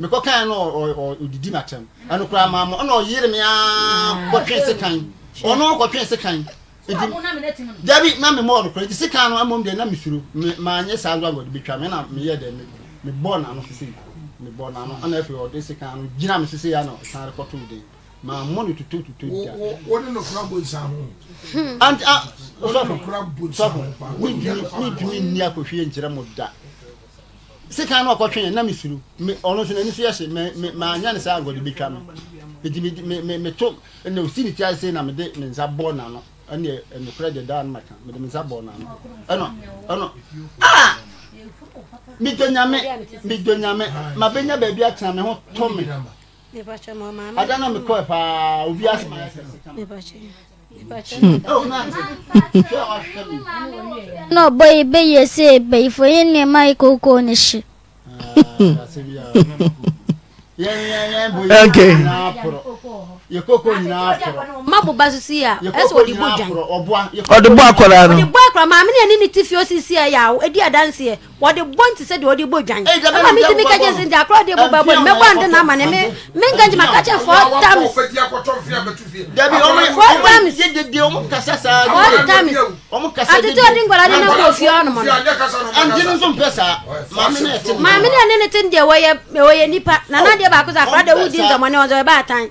mekɔ kan no ɔdidi matɛm ɛno koraa maa mo ɛna ɔyere me aa ah, kɔtwe sekan ɔno kɔtwe sekan nti dabi na me mɔɔ no koraa nti sekan no amom deɛ na mesuro maa nye saa agorɔ wɔde betwa me na meyɛ dɛ me bɔɔ n'ano sisi me bɔɔ n'ano ɛna afei ɔde sekan no gyina me sisi ya na ɔsan de kɔtoo den maa mo ne toto toto gya. wo ne no kura bo nsa ho. anti a sɔfo sɔfo mi dumi mi dumi nni akɔhwie nkyerɛ mo da sika na ɔkɔtwe yɛn na mi siri mi ɔno nso n'ani so yɛ se mɛ mɛ mɛ anya ne saa agɔde bi twa mi eti mi mi mi mi to na osi ne ti ase na mi de mi nsa bɔ n'ano ɛni ɛnukura de daa anuma kan mi de mi nsa bɔ n'ano ɛnɔ ɛnɔ aa ah! mi do nyame mi do nyame ma bɛ nya beebi atena mi ho tɔ mi adana mi kɔ paa obi ase ma yɛ sɛ. na ɔbɔ yi bɛyɛ sɛ bɛyifo na nneɛma yi kooko oke okay. <laughs> yekoko nyinaa kɔrɔ. mabu basu si ya ɛsɛ ɔdi bu jan ɔdi bu akɔra no. ɔdi bu akɔra maame ni yanni ni ti fi osi si ya ya edi adansi yɛ ɔdi bɔ nti sɛ de ɔdi bu jan. ɛma mi ti mi kɛjɛ si nti akɔrɔ de bu bɛ bɔ mɛ bɔ andi n'ama ni mi mi n kanji ma kakyɛ fɔ tamis. dabi ɔmu fɔ tamis ye dede ɔmu kasa sa, fɔ tamis ɔmu kasa dede. ati tí o di nkɔla di n'afɔ ofi ɔnu mɔ. anti ni sun pɛ sa maame ni ni ti n de wɔyɛ nipa nana de baako sa akɔrɔ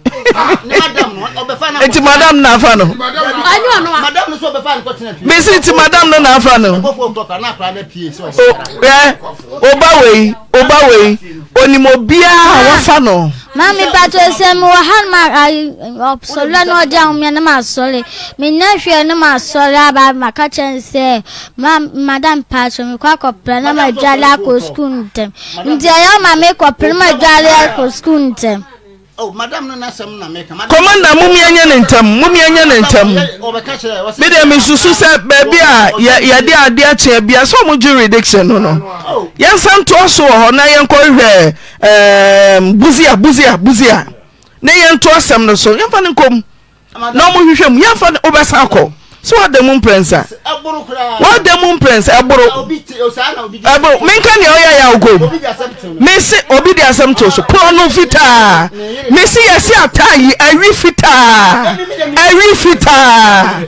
nti madam na afa no mesi nti madam no na afa no ɛ oba wei oba wei onim obiara a ah. wafa no. maami pato ese mi wɔ ha ma ɔsɔlɔ na ɔdi ahomya na ma asɔre mi nya hwɛ na ma asɔre aba ma ka kyɛn sɛ ma madam pato mi kɔ akɔpra na ma dwale akɔ sukuu ntɛm nti ɛyɛ ɔma mi kɔpra na ma dwale akɔ sukuu ntɛm. cɔmmanda momɛyɛ ne ntm momɛnyɛ ne ntam bideɛ mesusu sɛ baabi a yɛde aade kyeɛ bia sɛ omo juridiction no no oh. yɛsa ntoɔ so ɔ hɔ na yɛnkɔhwɛ ehm, buz a bza buzia ne yɛ toɔ sɛm no so yɛmfa no nkom na mohwehwɛ mu yɛf wobɛsa akɔ so wada mu mprɛnsa wada mu mprɛnsa ɛboro ɛboro minka nea ɔyɛ yɛ agogo mesi obi di asɛm to so kurɔno fitaa mesi yɛsi ataayi awi fitaa awi fitaa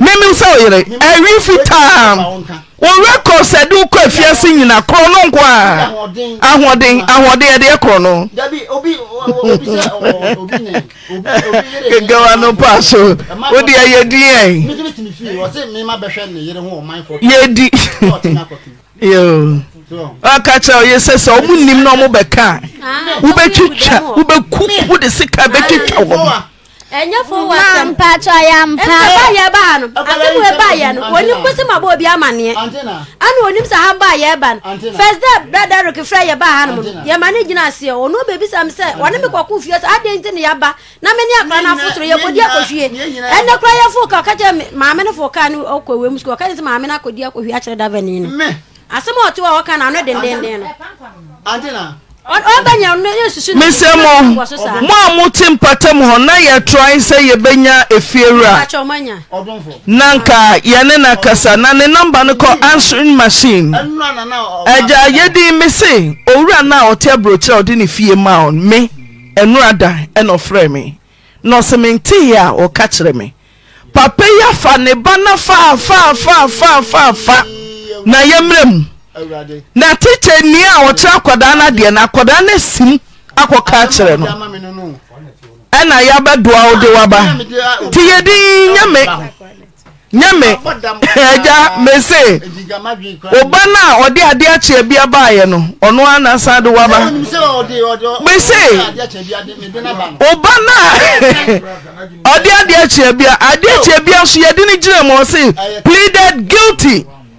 mímí sẹ oyere ẹwí fitaa òwúrẹ kọ sẹdí kọ efiase nyina kọrọ náà nkọ a ahoɔden ahoɔden ẹdí ẹ kọrọ náà. gẹgẹ wa no pa so o di ẹ yẹ di yẹn. yẹ di yoo ɔka kyerɛ ɔyɛ sɛ sɛ ɔmo nim na ɔmo bɛka wobɛtwitwa wobɛku wode sika bɛtwitwa wɔ mo. ɛnyɛ fo wasɛm cho ya mpa ba ye ba no asɛm wɔ ba ye no onim kwese mabo obi amane ana onim msa ha ba ye ba first day brother rick fra ye ba ha no mu no yɛ ma ne gyina aseɛ ɔno bebisa m me kwaku fie se ade nti ne ya ba na me ne akora no afotoro yɛkɔdi akɔhwie ɛnɛ kora yɛfo ka ɔka kyerɛ maame no fo kaa ne ɔkɔ wɔ mu sukuu ɔka kyerɛ sɛ maame no akɔdi akɔhwie akyerɛ da bani no asɛm a ɔte wa a na no ano dendenden no antena mesɛ mo mo a mote mpatam hɔ na yɛtrae sɛ yɛbɛnya efiewura na yɛne na kasa na ne namba no kɔ answering machine agya yɛdin me se owura no a ɔte aburokyerɛ a ɔde ne fie ma ɔ me ɛnurada ɛna ɔfrɛ me na ɔsɛ menteeɛ a ɔka kyerɛ me papa yi afa ne ba no faafaafaafaafa na yɛmmerɛ mu na teacher ni a ɔkyerɛ akwadaa no deɛ no akwadaa no asim akɔka kyerɛ no ɛna yɛabɛdoa wo de waba nti yɛdin nyame nyame agya <laughs> mese oba no a ɔde ade akyea bia baeɛ no ɔno anasa de woaba mese oba no a <laughs> ɔde ade akyea bia ade akyea bia so yɛde ne gyina mɔ se pleaded guilty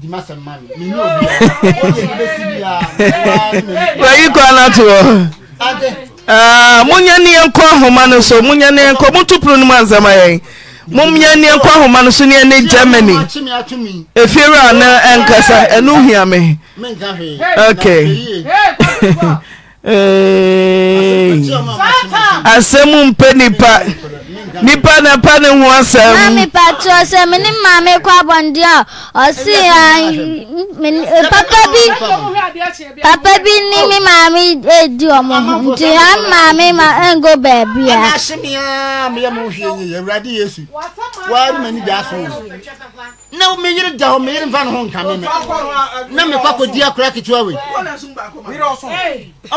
dimasɛn ma mi mi n'o bi to wɔ mo nya ni yɛn kɔ ahoma no so mo nya ni yɛn kɔ mo tu puru ni mo azama mo nya ni yɛn ahoma no so ni yɛn ne germany efiere a na ɛnkasa ɛnu hia mi okay <laughs> eh. asɛm mpɛ nipa nipa na pa ne ho asɛm. maami patro sɛ mi ni kɔ abɔnde a ɔsi papa bi papa bi ni mi maami edi ɔmo ho nti ha maami a. ɛna ma ni gya na mi yiri da hɔ mi yiri nfa ne ho nka mi na mi kɔ akora ketewa wei. ɔ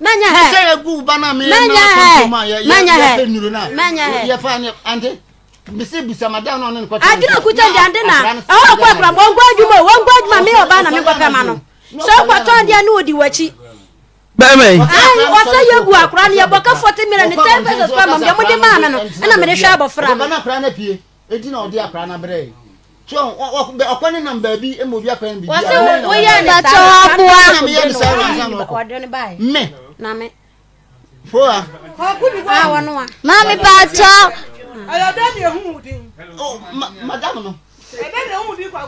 menya he sɛ yɛ gu ba na mi yɛ na kɔntoma yɛ yɛ fɛ nuru na menya he yɛ fa yɛ ande mbese busa madam na ɔne ne kɔtɔ adina okuta ndi ande na ɛwɔ kɔ akura mɔ nkɔ adwuma o wɔnkɔ adwuma mi yɛ ɔba na mi kɔ kama no sɛ ɔkɔtɔ ndeɛ ne odi wɔkyi bẹẹmẹ. ayi ọsẹ yẹ gu akura ni yabọ ká forty million ni ten pesos pa mọ mi yẹ mo di maa mi no ẹna mi de hwẹ abọfra mi. ọba n'akura n'apie edi na ọdi akura n'abẹrẹ yi. ɔkɔ ne nam baabi ma obi apɛn bibi wɔsɛ woyɛ ne saa aboa meyɛ ne saa nansa na ɔkɔ me na me foa maame paatɔ ɔyɛ dɛ ne ɛhu din madam no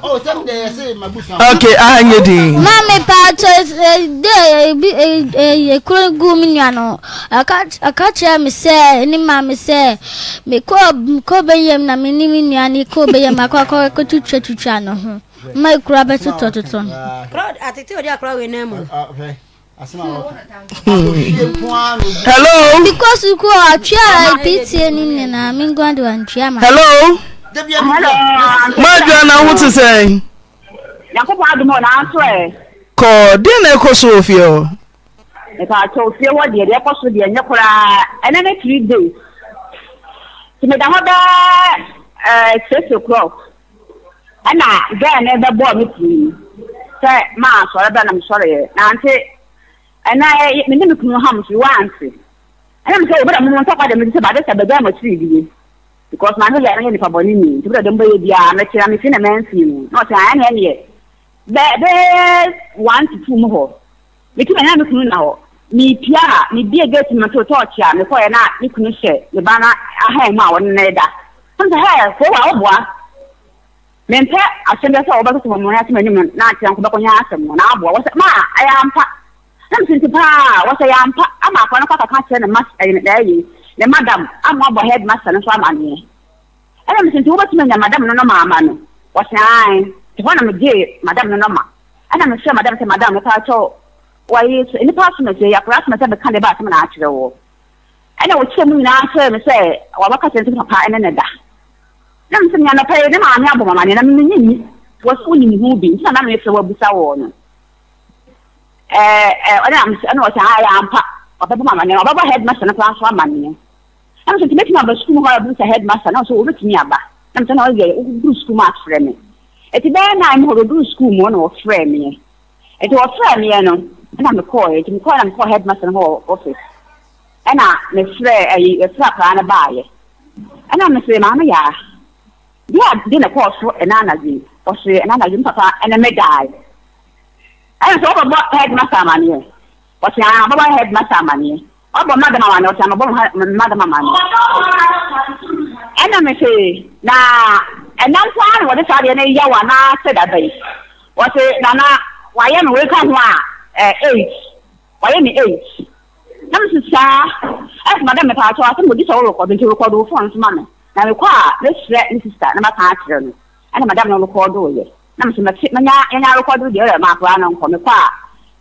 Oh, ok aha nyɛ din ma mepɛatɔde gu me nua a aka kyerɛ me sɛ ne ma me a mekɔ bɛyam na mene me nua ne kɔ bɛyam akɔkɔtwitwatwitwa no ho ma kura bɛtotɔtotɔ no hello because kuro atwea pta no nyinaa menguade wantua madwa na ho te sɛn nyankopɔn adom ɔ nanso ɛ kɔɔ deɛ na ɛkɔ so ofie hɔ mepaakyɛ ofie hɔ deɛ deɛ ɛkɔ so deɛ nyɛ koraa ɛnɛ ne three days nti meda hɔ bɛɛ six o'clock ɛna gɛɛ ne bɛbɔɔ me pii sɛ maa sɔre bɛ na mesɔreɛ nante ɛnɛ mene me kunu ham so wante ɛna mesɛ wɔbɛda momo ntɔkwa dɛ mede sɛ bade sɛ bɛgɛɛ makyiri bie because maame yɛ ɛyɛ nipa bɔnni ni nti wúdà dɛm bɛyɛ biara na mɛnsi mu na na ɛyɛ bɛɛ bɛɛ one to two mu hɔ meti mɛnyɛ mi na hɔ mipia e a mibie gate to a mekɔ yɛ na ne kunu hyɛ ne na ahan mu a da sɛ hɛ kowa ɔboa mɛmpɛ asɛm bɛ sɛ ɔbɛtoto wɔn na akyerɛ nkɔ bɛkɔ nyɛ asɛm na mesi ama akɔ ne ne madam ama abɔ headmaster no nso amaneɛ ɛna mesɛ nti wobɛtumi anya madam no no maama no wɔse ae nti hɔ na megyee madam no ma ɛna mesrɛ madam sɛ madam mepaa kyɛ waye so nnipa asomɛsɛ yɛakora asomɛ sɛ meka de ba asɛm na akyerɛ wɔ ɛna wɔkyerɛ mu nyinaa kyerɛ me sɛ wabɛka sɛ nti papa ɛne ne da na mesɛ meanɔpɛ ne maame abɔ mamaneɛ na memenye nni wɔsɛ wonim ho bi nti na na mefrɛ wabusa wɔ no ɛɛ ɛna wɔsɛ ayɛ ampa ọbɛbɔ mu amaneɛ ɔbɛbɔ headmaster no koraa nso amaneɛ ɛna sɛ tìmɛtìmɛ aba sukuu mu hɔ ɔbɛbɔ sɛ headmaster náà so obetumi aba ɛna sɛ na ɔyɛ ɔduru sukuu mu afrɛ mi eti bɛyɛ naa mu hɔ ɔduru sukuu mu na ɔfrɛ mi eti ɔfrɛ mi no ɛna mi kɔɔ eti mi kɔɔ na mi kɔɔ headmaster no hɔ office ɛna mi frɛ ɛyi ɛfrɛ akwaraa no baayɛ ɛna mi sɛ maame yaa deɛ adi na kɔɔ so ɛna anadze ɔsɛ ɛna anadze mu papa ɛna mi daa ɛna sɛ ɔbɛbɔ headmaster amaneɛ ọchịagha ọgbaba hedmasta amanye ọ bụ mmadụ mamanye ọchịagha mmadụ na ọ so ara wɔde saa deɛ no yɛ na na sɛ dada yi wɔte ka a ɛɛ eight wayɛ na mese saa ɛsoma dɛ mepa atɔ asɛm odi sɛ wo rekɔdo nti rekɔdo wo fone so na mekɔ a na na maka akyerɛ m. ɛna madam ụyọ. na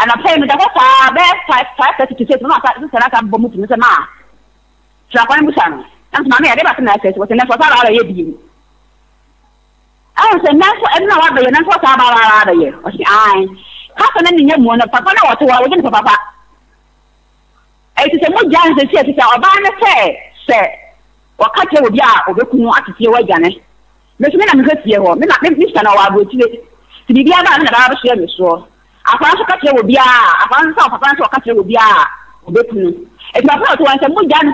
anapɛn mi dakɔ saa bɛɛ five five thirty to six mo maa sisan n'aka bɔ mu tunu sɛ maa tirakɔ ne busa no ɛn tuma mi yɛrɛ b'a sɛ n'a sɛ sɛ nɛfɔ saa b'a yɛ biiru ɛn sɛ nɛfɔ ɛn na wa bɛ yɛ nɛfɔ saa b'a b'a bɛ yɛ ɔsi ayi k'a fɛ ni nye mɔɔ na papa na wɔtɔ wa o jɛ ni papa pa mo jaa nsɛ si yɛ ɔbaa ne sɛ sɛ wɔka kyerɛ obi a obekunu atete wɔ agyane mɛ so mi na mi hɛ fie hɔ mi na mi sɛ na wɔ akwara nso ka kyerɛ wɔ biara nso nso papa nso ɔka kyerɛ wɔ biara no etu ɔtɔ wɔn nsɛm wɔsan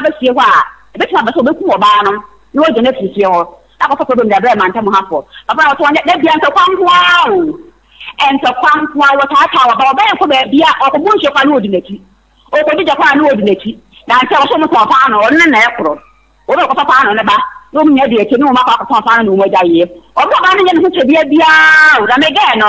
abɛsie hɔ a ebɛtuma abɛsɛ ɔbɛku ɔbaa no ne wɔgye ne firi fie hɔ ha fɔ papa ɔtɔ wɔn bia o nkɔ a ɔkɔbu nsuo kwa ne odi n'akyi ɔkɔdi gya kwa ne odi n'akyi na nkyɛn wɔsɔ mo tɔn paano na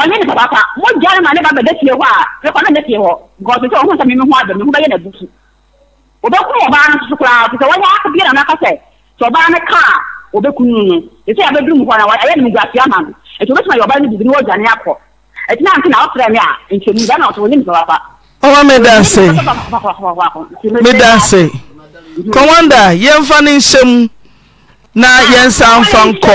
ɔnye ne papa pa mo gya ma ne ba bɛda fie hɔ a mekɔ na da hɔ sɛ ɔhu sɛ meme ho bɛyɛ ɔbaa no soso koraa na sɛ sɛ ɔbaa no ka a no yɛbɛduru mu hɔ na ɛyɛ ama no yɛ ɔbaa no wɔdwane na na me a nkyɛmu da na ne papa meda meda kɔmanda yɛmfa ne na yɛnsa mfa nkɔ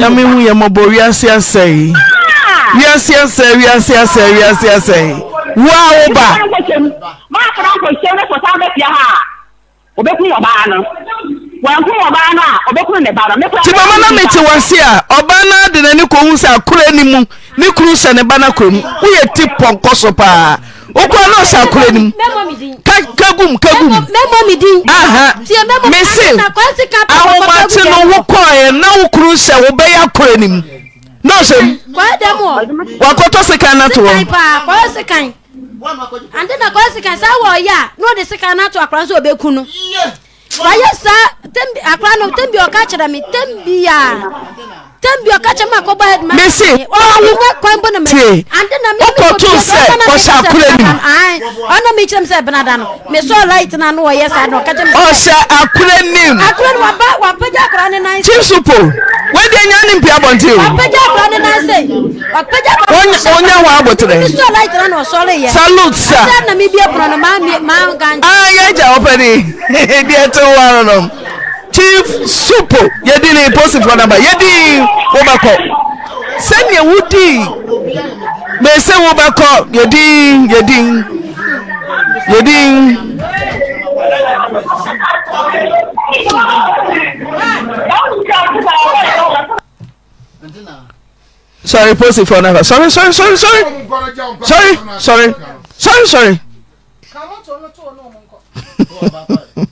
nyame m yɛ mmɔbɔ wiase asɛe wiase ah! rịasịasị wiase asɛe wiase asɛe wo a woba nti mama na mete wase a ɔbaa no ade n'ani kɔhu sɛ akora ni mu ne kuru hyɛ ne ba no akɔ mu woyɛ ti pɔnkɔ so paa wokora na ɔhyɛ akora no mu kagum kagum mese ahomakye no wokɔɛ na wo kuru hyɛ wobɛyɛ akora no mu na ɔhyɛ mu wakɔtɔ sekan no to hɔ ande na kɔyɛ sekan saa wɔyɛ a na ɔde sekan no ato akora nso ɔbɛku no wayɛ saa akora no tɛmbi ɔka kyerɛ me tɛmbi a tẹnbi ọka kyẹn mu akɔbɔ head man. mesi ɔwɔ kwan bɔ na mɛ. tie ɔkɔ tun sɛ ɔhyɛ akura nim. ɔna mi kyerɛ mi sɛ bena da light na no ɔyɛ saa na ɔka kyɛn mi. ɔhyɛ akura nim. akura nim waba wapagya akura ne nan se. chief supo wadi enya ne mpi abɔnten o. wapagya akura ne nan se. Eh. wapagya ne nan se. onya wa abotire. mi sɔ light na na ɔsɔre yɛ. salute sa. ɛsɛ na mi bi epono no maa mi maa gan. aa yɛ gya chief supo yɛdi ne posifoɔ namba yɛdi wobɛkɔ sɛnea wodi mese wobɛkɔ Yedi, yedi, yedi. sorry posifoɔ namba sorry sorry sorry sorry sorry sorry sorry sorry. <laughs>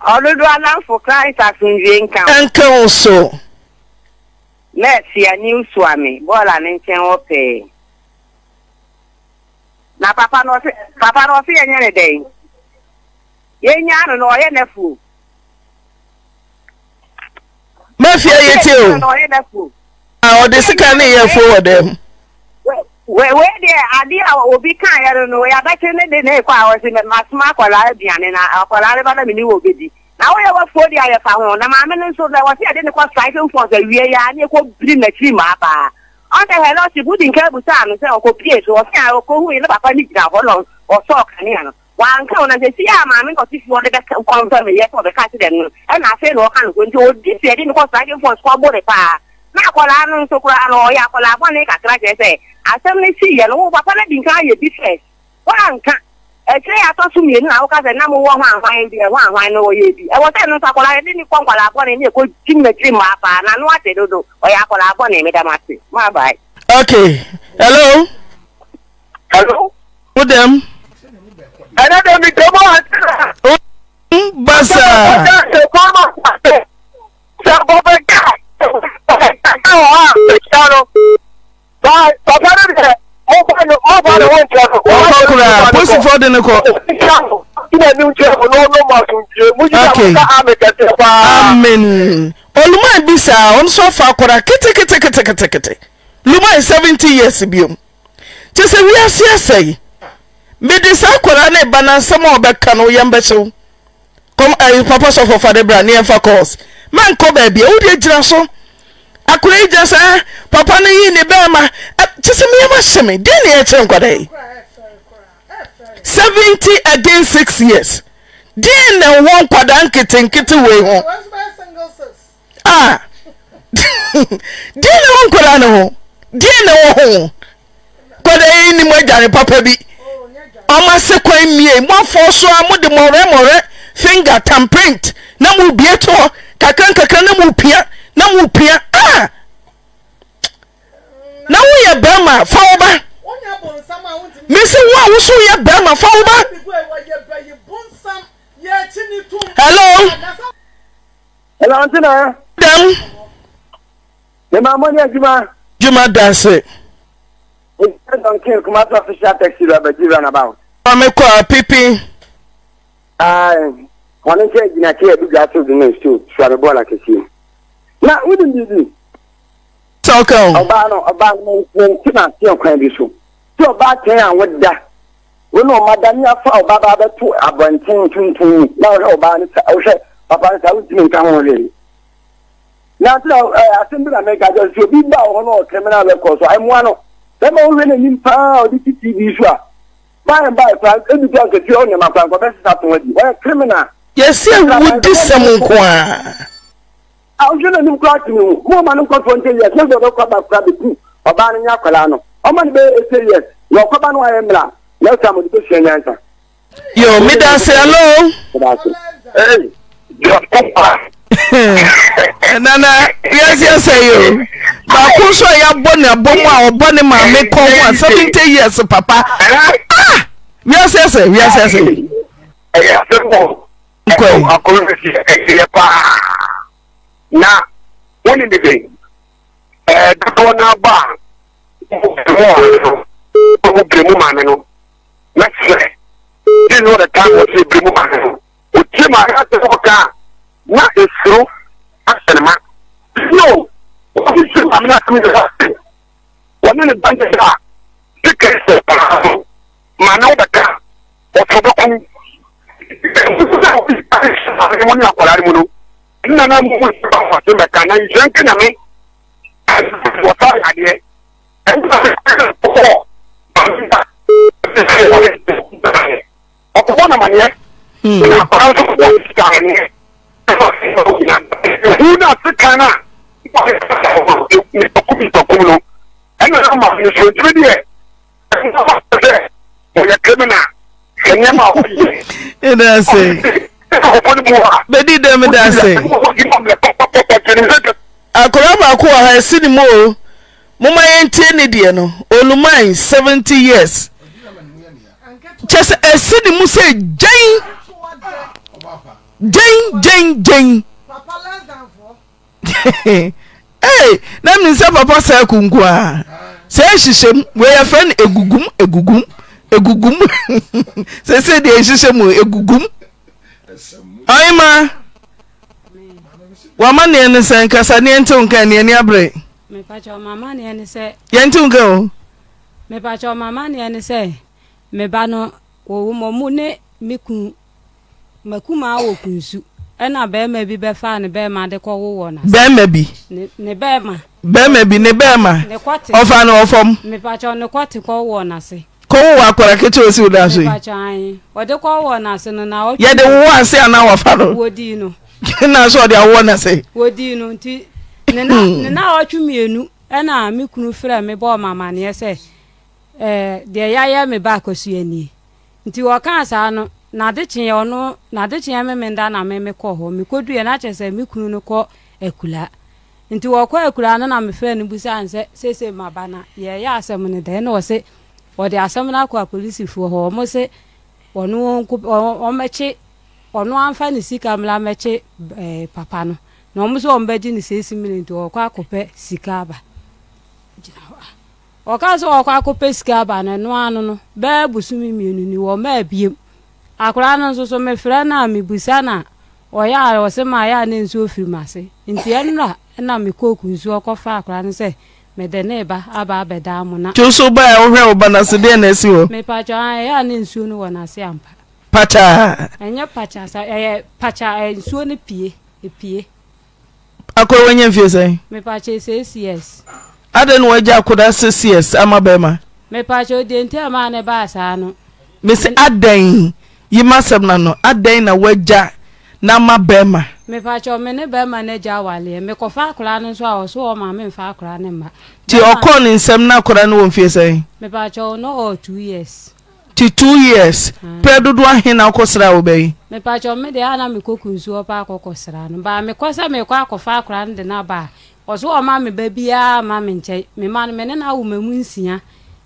ọdụdụ anamfo kraịst asụmdie nka nke ụsụ mesi ya n'usu amị bọọlụ anyị nche nwoke na papa n'ọsị papa n'ọsị ya nyere dị ya enye anụ na ọhịa nefu mefie ya tie o ọ ah, dị sika na ihe fo wọ dị m wee dị adị obi ka ya rụ ya dake nne dị na-ekwe ahụzi masịma akwara bịanị na akwara arịbada mini obi dị na onye wefuo dị anyị fa hụrụ na ma amịnị nso na wasị ya dị nịkwa striking force ewie ya na ekwo biri na chi ma aba ọchị bụ dị nke ebute anụ sị ọkọ piet ọsị ya ọkọ hụ ọsọ ọkani ya wa nke na ya ma amị ọdị n'akɔla anu nsokura anu ɔyɛ akɔla abɔ ne kakra kyerɛ sɛ asɛm ne si yɛ no wo papa ne bi nka ayɛ bi fɛ wɔanka ɛkyerɛ yɛ atɔ so mmienu a woka sɛ nam wɔ ho ahwan bi ɛho ahwan no wɔyɛ bi ɛwɔ sɛ no nso akɔla yɛde ne kɔ nkɔla abɔ ne ne yɛkɔ gyi mmatiri mu apaa na no ate e dodo ɔyɛ akɔla abɔ ne medam ase maabae okay hello hello wodɛm ɛnɛ dɛ mi dɔbɔ ɔtira basa sɛ bɔbɛka hɔ a mekyia no papa no deɛ mofa ne ho nkyɛ no ɔkɔ koraa posifoɔ de ne kɔ amen olumai bi saa ɔno nso afa akɔra keteketeketekete lumai seventy years biom te sɛ wiase asɛe mede saa akɔra ne ba na nsɛm a ɔbɛka no yɛn bɛkyew kɔm ayi papa sɔfo fa de bra ne yɛmfa kɔɔs mankɔ baabi a wodeɛ gyina so akora yi gya saa papa no yi ne bɛrima kye sɛ meyɛma hyɛ me den ne yɛkyerɛ nkwadaa yi seventy again six years den na wɔ nkwadaa nketenkete wei ho a <laughs> den na wɔ nkwadaa ne ho den na wɔ ho nkwadaa yi ne mu agyane papa bi ɔmo ase kwan mie mo afɔ so a mo de mɔrɛ mɔrɛ finger tamprint na mo bie to hɔ kakra kakra na mo pia na mopia a ah! na woyɛ barima fa wo ba mese wo a woso woyɛ barima fa wo ba hello hello ntina dam mema mɔne adwuma dwuma danse mekɔa pipi wɔne nkyɛ gyina kɛ adu gya so de ne nsuo suabebɔɔla kɛsie na wonim biribi sɛ ɔka o ɔbaa no ɔbaa no nti na ateɛ kwan bi so sɛ ɔbaa tɛn a woda wo ne ɔmadane afa ɔbabaa bɛto abɔnten tuntum na wohwɛ ɔbaa no sa wohwɛ papa no sa wontumi nka ho hwee na ntina asɛm bi na mɛka kyɛ sɛ obi ba wɔ hɔ na ɔkriminal record so ɛmmoa no sɛ ma wohwɛ n'anim paa ɔde ti tv so a báyìí báyìí fún wa ebi tí a kẹsí ọ ní ma fún wa kọ bẹ́ẹ̀ sísá tó wọ́n di wọ́n yẹ kírímìnà. yẹ si ewu di sẹ́mu ahụhwe na nim kura ti mi mu mu ọma no nkọ twenty years n'oge ọdọ kọba kura bi tu ọbaa no nye akwadaa no ọma no bɛ eighty years na ọkọba no ayɛ mìíràn na ɛsɛ amadu bɛ sua nyansa. yo mi da se alo. nana yasi ɛsɛ yi o baako nso a yabɔ ne abɔmu a ɔbɔ ne maame kɔn ho a seventy years papa ah wiase ɛsɛ wiase ɛsɛ. ɛyà sẹ́kọ̀ọ́ ẹ̀kọ́ akọ́rọ́ bẹ̀ sí ẹ̀kẹ́yẹ paa na wone ne sɛ datoɔ no aba a wo brɛ mu maame no na kyerɛ this is what the time was say brɛ mu maame no wotie ma asɛ hɔ ka na ɛsuro asɛnema no wɔse sɛ maame no asɛm de sɛ wɔne ne bande sɛ a sika sɛ paa no maame wo bɛka ɔfɔ bɛko ɛmu sɛ wɔne akwara no mu no nna na mo mo ba ho se meka na nhyɛ nka nyame wɔfa yadeɛ ɔkɔbɔ namaneɛ nakɔra nso kɔbɔ sikaneɛ hu no ase kan no a nipakum nipakum no ɛna na ma ne so ntimi deɛ sɛ ɔyɛ krimina sɛ nneɛma a ɔyɛ ɛnasɛ bɛdi dɛm da sɛ akwadaa baako wɔ ha ɛsi ne mu o moma yɛntie ne deɛ no oluman seventy years kyɛ sɛ ɛsi ne mu sɛ gyɛn gyɛn gyɛn gyɛn <laughs> ee na mi nsa papa saa kunku a sɛ ehyehyɛ mu wɔyɛ fɛn egugum egugum egugum <laughs> sɛ sɛ deɛ ehyehyɛ mu egugum. Anyị ma na yɛn sɛ nkasa ne yɛnte nka ne yɛne abrɛ ma wo nka o mepakyɛ ɔmama ne yɛne sɛ meba no wɔwo mɔ mu ne me ku makuma wɔ kunsu ɛna ma bi bɛfaa ne bɛrima de kɔwowɔ no bɛrima bi ne bɛrima bɛrima bi ne ɔfa ka wowa akwara kekyɛ osi wo da so yiyɛde ase wafa no na sɛ ɔde <laughs> nena ɔtwe hmm. mmienu ɛna me kunu frɛ me bɔɔ mamaneɛ sɛ deɛ yɛayɛ me ba akɔsuanie nti saa no ɔno na me hɔ mekɔduɛ na kyɛ sɛ me kunu no kɔ akula nti wɔkɔ akula no na mefrɛ no busane sɛ sese maba na yɛyɛ asɛm no na wɔde asɛm no akɔ apolisifoɔ hɔ ɔmo se ɔno ɔmɛkye ɔno amfa ne sika mmra mɛkye ɛɛ eh, papa no na ɔmo so ɔmo bɛgye ne sɛsi mmiri nti ɔkɔ akɔpɛ sika aba gyina hɔ a ɔka so ɔkɔ akɔpɛ sika aba no ɛno ano no bɛɛ busumi mmienu ni wɔ mmaa abiem akwaraa no nso so mefrɛ no a mebusa no a ɔyɛ a ɔse ma ayɛ a ne nsuo firi mu ase nti ɛnura ɛna me kooku nsuo kɔfa akwaraa no sɛ mede ne ba aba abɛdaa mu na two so baa wohwɛ wo ba na so deɛ na asi hɔ mepatwa ɛyɛ a ne nsuo no wɔ nase ampa pachaa ɛnyɛ pacha sa ɛyɛ pachaa ɛyɛ nsuo no pie epie akɔrɔ wanya mfie sɛn mepatwa six years adɛn na wagya akɔda six years ama bɛrima mepatwa odientɛm a ne baa saa no mesɛ adɛn yi ma asɛm na no adɛn na wagya na ma bɛrima. mipatsa mi ne bɛrima ne gya awaleɛ mikɔfa akora no nso a ɔso wɔ maame nfa akora ne ma. ti ɔkɔ ne nsɛm na akora no wɔ mfie sɛn. mipatsa no ɔ two years. ti two years ah. pɛ dodo ahe na ɔkɔ sra wo bɛyi. mipatsa mi de ana mi koku nsuo pa akɔkɔ sra no ba mi kɔsa mi kɔ akɔfa akora no de na ba ɔso wɔ maame bɛ biara maame nkyɛn mi ma mi ne na awo mɛ mu nsia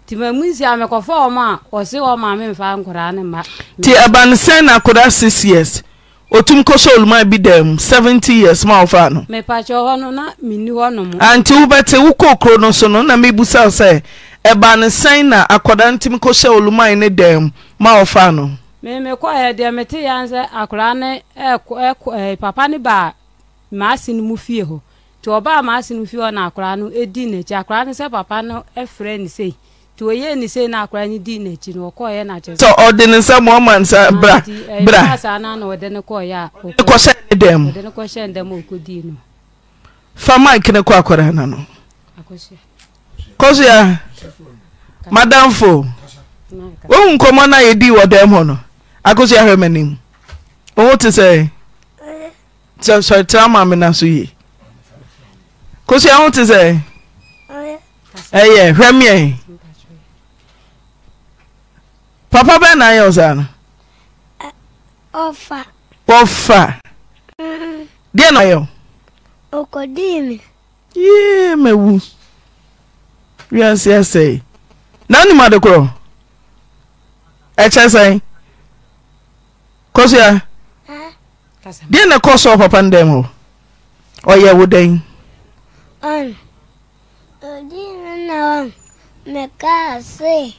ti mɛ mu nsia mi kɔfa wɔn a ɔsi wɔ maame nfa akora ne ma. ti abanisɛn na akora six years. otum kɔsɛ oluma bi dɛm 70 years ma wɔfa no anti wobɛte wokɔ kuro no so no na mebusaw sɛ ɛba ne sɛn na akɔda ntim kɔhyɛ oluma ne dɛm ma wɔfa no mekɔɛ deɛ mete yɛn sɛ akora ne papa ne baa maase no mu fie hɔ ɔbaa fie hɔ na no n'akyi ne papa no ɛfrɛ e ne tiweye ni se na akora ni di n'ekyi na ɔkɔɔ yɛ na kyerɛ. sɛ ɔde ne nsa mɔɔ ma nsa bra bra. ɛyɛ asa anan na ɔde ne kɔɔ yɛ a. ɔde ne kɔ hyɛ ne dɛm. ɔde ne kɔ hyɛ di fa akora na no. kɔsia madamfo wohu nkɔmmɔ no a yɛdi wɔ dɛm hɔ no akɔsia hwɛ m'anim woho te sɛ sɔre tra ma mena so yie kɔsia ho papa bɛn na ayɛ ɔsaa no ɔfa ɔfa deɛ na ayɛ ɔkɔdii me yee mawu wiase asɛe na wonim ade korɔ ɛkyɛ sɛn kɔ so a deɛ na ɛkɔ so papa no dɛm hɔ ɔyɛ wo dɛn ɔn ɔdii no na ɔ mekaa see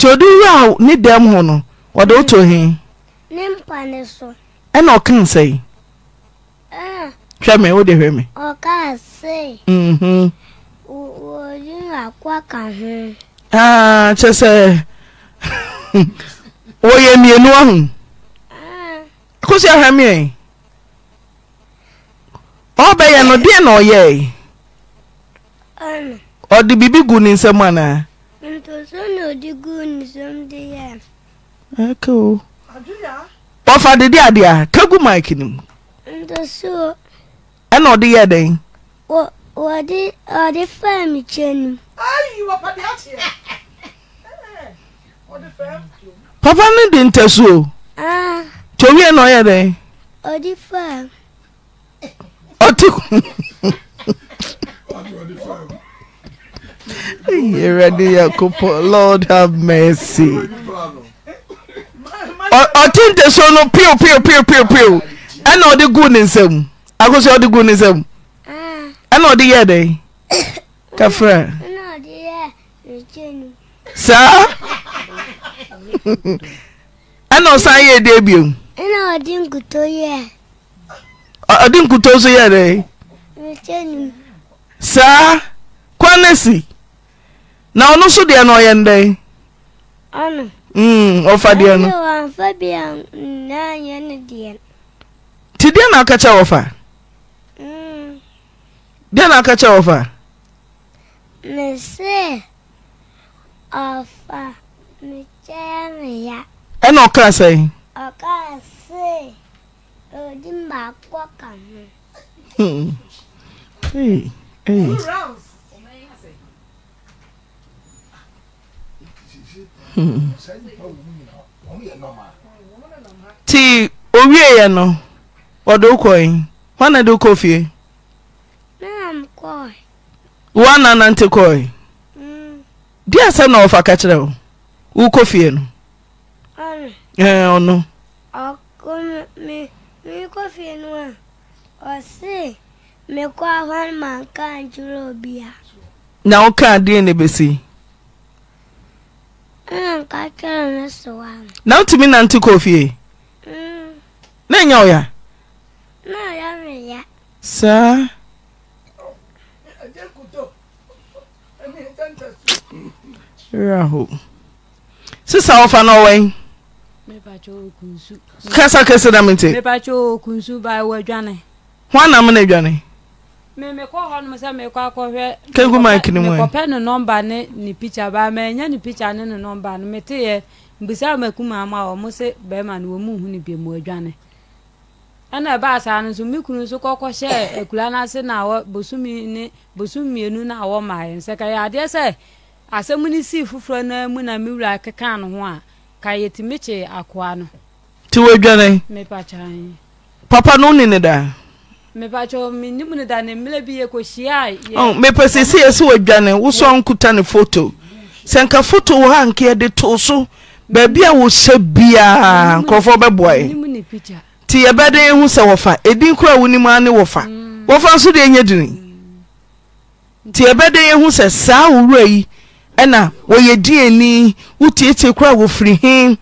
nti odi wura ne dɛm ho no ɔde woto mm. he. ne mpa ne so. ɛna ɔka nsa yi. Ah. hwɛ mi o de hwɛ mi. ɔka se. wòye akɔ ka ho. aa ah, kyɛ sɛ <laughs> wɔyɛ mmienu ahu. Ah. kosi ahwɛ mi yɛ. ɔbɛyɛ no deɛ na ɔyɛ. ɔde biribi gu ne nsam anaa. ɔfa dede adeɛa kagu maike nem ɛna ɔdeyɛ dɛnpapa no de nta su ah. tiwi ɛnɔyɛ dɛn ready? Lord have mercy. I Ọtúnde so no piu piu piu piu piu ẹna ọdí gu I nsam akosi ọdí gu ne I know the ah. yẹ dẹ kafra. Saa ẹna ọsan I dẹ ebien. Ẹna ọdí I yẹ. Ọdí nkuto so yẹ dẹ. Saa kwanesi na ɔno nso deɛ na ɔyɛ ndɛn. ɔno. mm ɔfa deɛ no. ɔno wɔnfa bi a n'anyɛ deɛ. ti deɛ na aka kyɛ wɔfa. mm. deɛ na aka kyɛ wɔfa. mese me ya. ɛna ɔka sɛn. ɔka se odi mbaako ka ho. Hmm. hey hey. nti owieɛ no ɔde wokɔe wana de wokɔ fie woana nante kɔe bia sɛm mm. na wɔfa ka kyerɛ wo wokɔ fie no ɔno eh, nọ na wokaa ne bɛsi Mm, na wotumi nante kɔ fie mm. na ɛnya wo ya saa raho sisa wofa na ɔwɛn kasa kɛsɛ da me nti hwan na na adwane mmekɔ hɔ nom sɛ mekɔ akɔhwɛ kagu mike no mumekɔpɛ ne nɔmba ne ne picha baa maanya ne pikya ne ne nɔmba no meteyɛ mbisa makuma mu a ɔmo se bɛrima no wɔmu hu ne biamu adwane ɛna ɛbaa saa no nso me nso kɔkɔ hyɛɛ akura no ase na awɔ ne bosom mmienu na awɔ maayɛ nsɛ ka adeɛ sɛ asɛm no sii foforɔ no mu na me wura keka no ho a ka yɛtumi kye akoa no nti wɔadwane mepakyae papa no ne ne daa mepɛ sɛ sɛ yɛ sɛ wɔadwane wo so ankuta ne foto sɛ nka foto wɔ ha nka yɛde too so baabi a wɔhyɛ biaa nkurɔfoɔ bɛboae nti yɛbɛden hu sɛ wɔfa ɛdin koraa wonim a ne wɔfa wɔfa nso deɛ ɛnyɛ dini nti mm. yɛbɛden yɛhu sɛ saa owura yi ɛna wɔyɛ di ani wotietie koraa wɔfiri he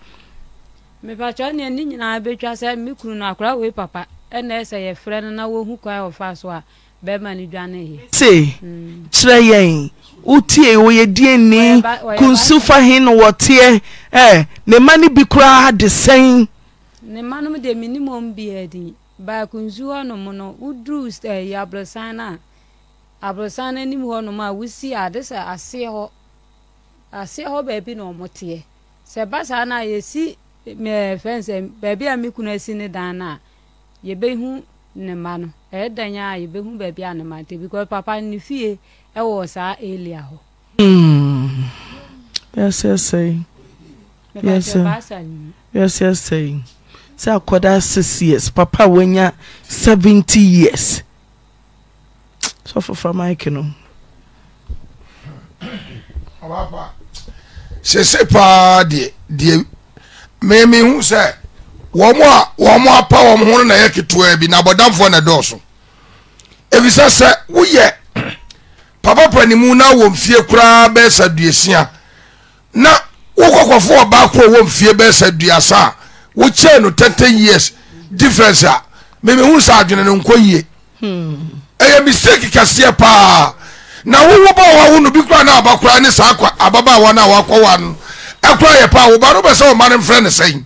mepatwɛ neɛ ne nyinaa bɛtwa sɛ me kuru no akora wei papa ɛna ɛsɛ yɛfrɛ no na wohu kwan fa so a bɛrima no dwane he se kyerɛ yɛn wotie wɔyɛ dieni kunsu fa he no wɔteɛ ɛ ne ma no bi koraa de sɛn ne ma nom de menim ɔm biaa din baa kunsu hɔ nom no woduru yɛ aborɔsan no a aborɔsan no anim hɔ nom a wosi ade sɛ aseɛ hɔ aseɛ hɔ baabi na ɔmo teɛ sɛ ba saa no a yɛsi fɛn sɛ baabi a me asi ne dan no a yɛbɛhu ne ma no ɛyɛ dan a yɛbɛhu baabi a ne ma te because papa ne fie ɛwɔ saa area hɔ. Hmm. yɛsɛsɛe yɛsɛsɛe sɛ akwadaa six years papa wanya seventy years sɔfo fa mike no. sese paa deɛ deɛ mɛmi hu sɛ. wɔm a wɔmo apa wɔm ho no na ɛyɛ ketewaa bi na abɔdamfoɔ ne dɔɔso ɛfisɛ sɛ woyɛ papa panimu na wɔ mfie koraa bɛɛsa duasia na wokɔkɔfo ɔbaa korɔ wɔ mfie bɛɛsa duasa a wokyɛɛ no 30 years difference a memehu sɛ adwene no nkɔ yie hmm. ɛyɛ mistake kɛseɛ paa na wowo ba wa wo no bi koraa na ne saa ababaawa wa no a wakɔwa no ɛkora paa woba no wobɛ sɛ wɔma no mfrɛ ne sɛn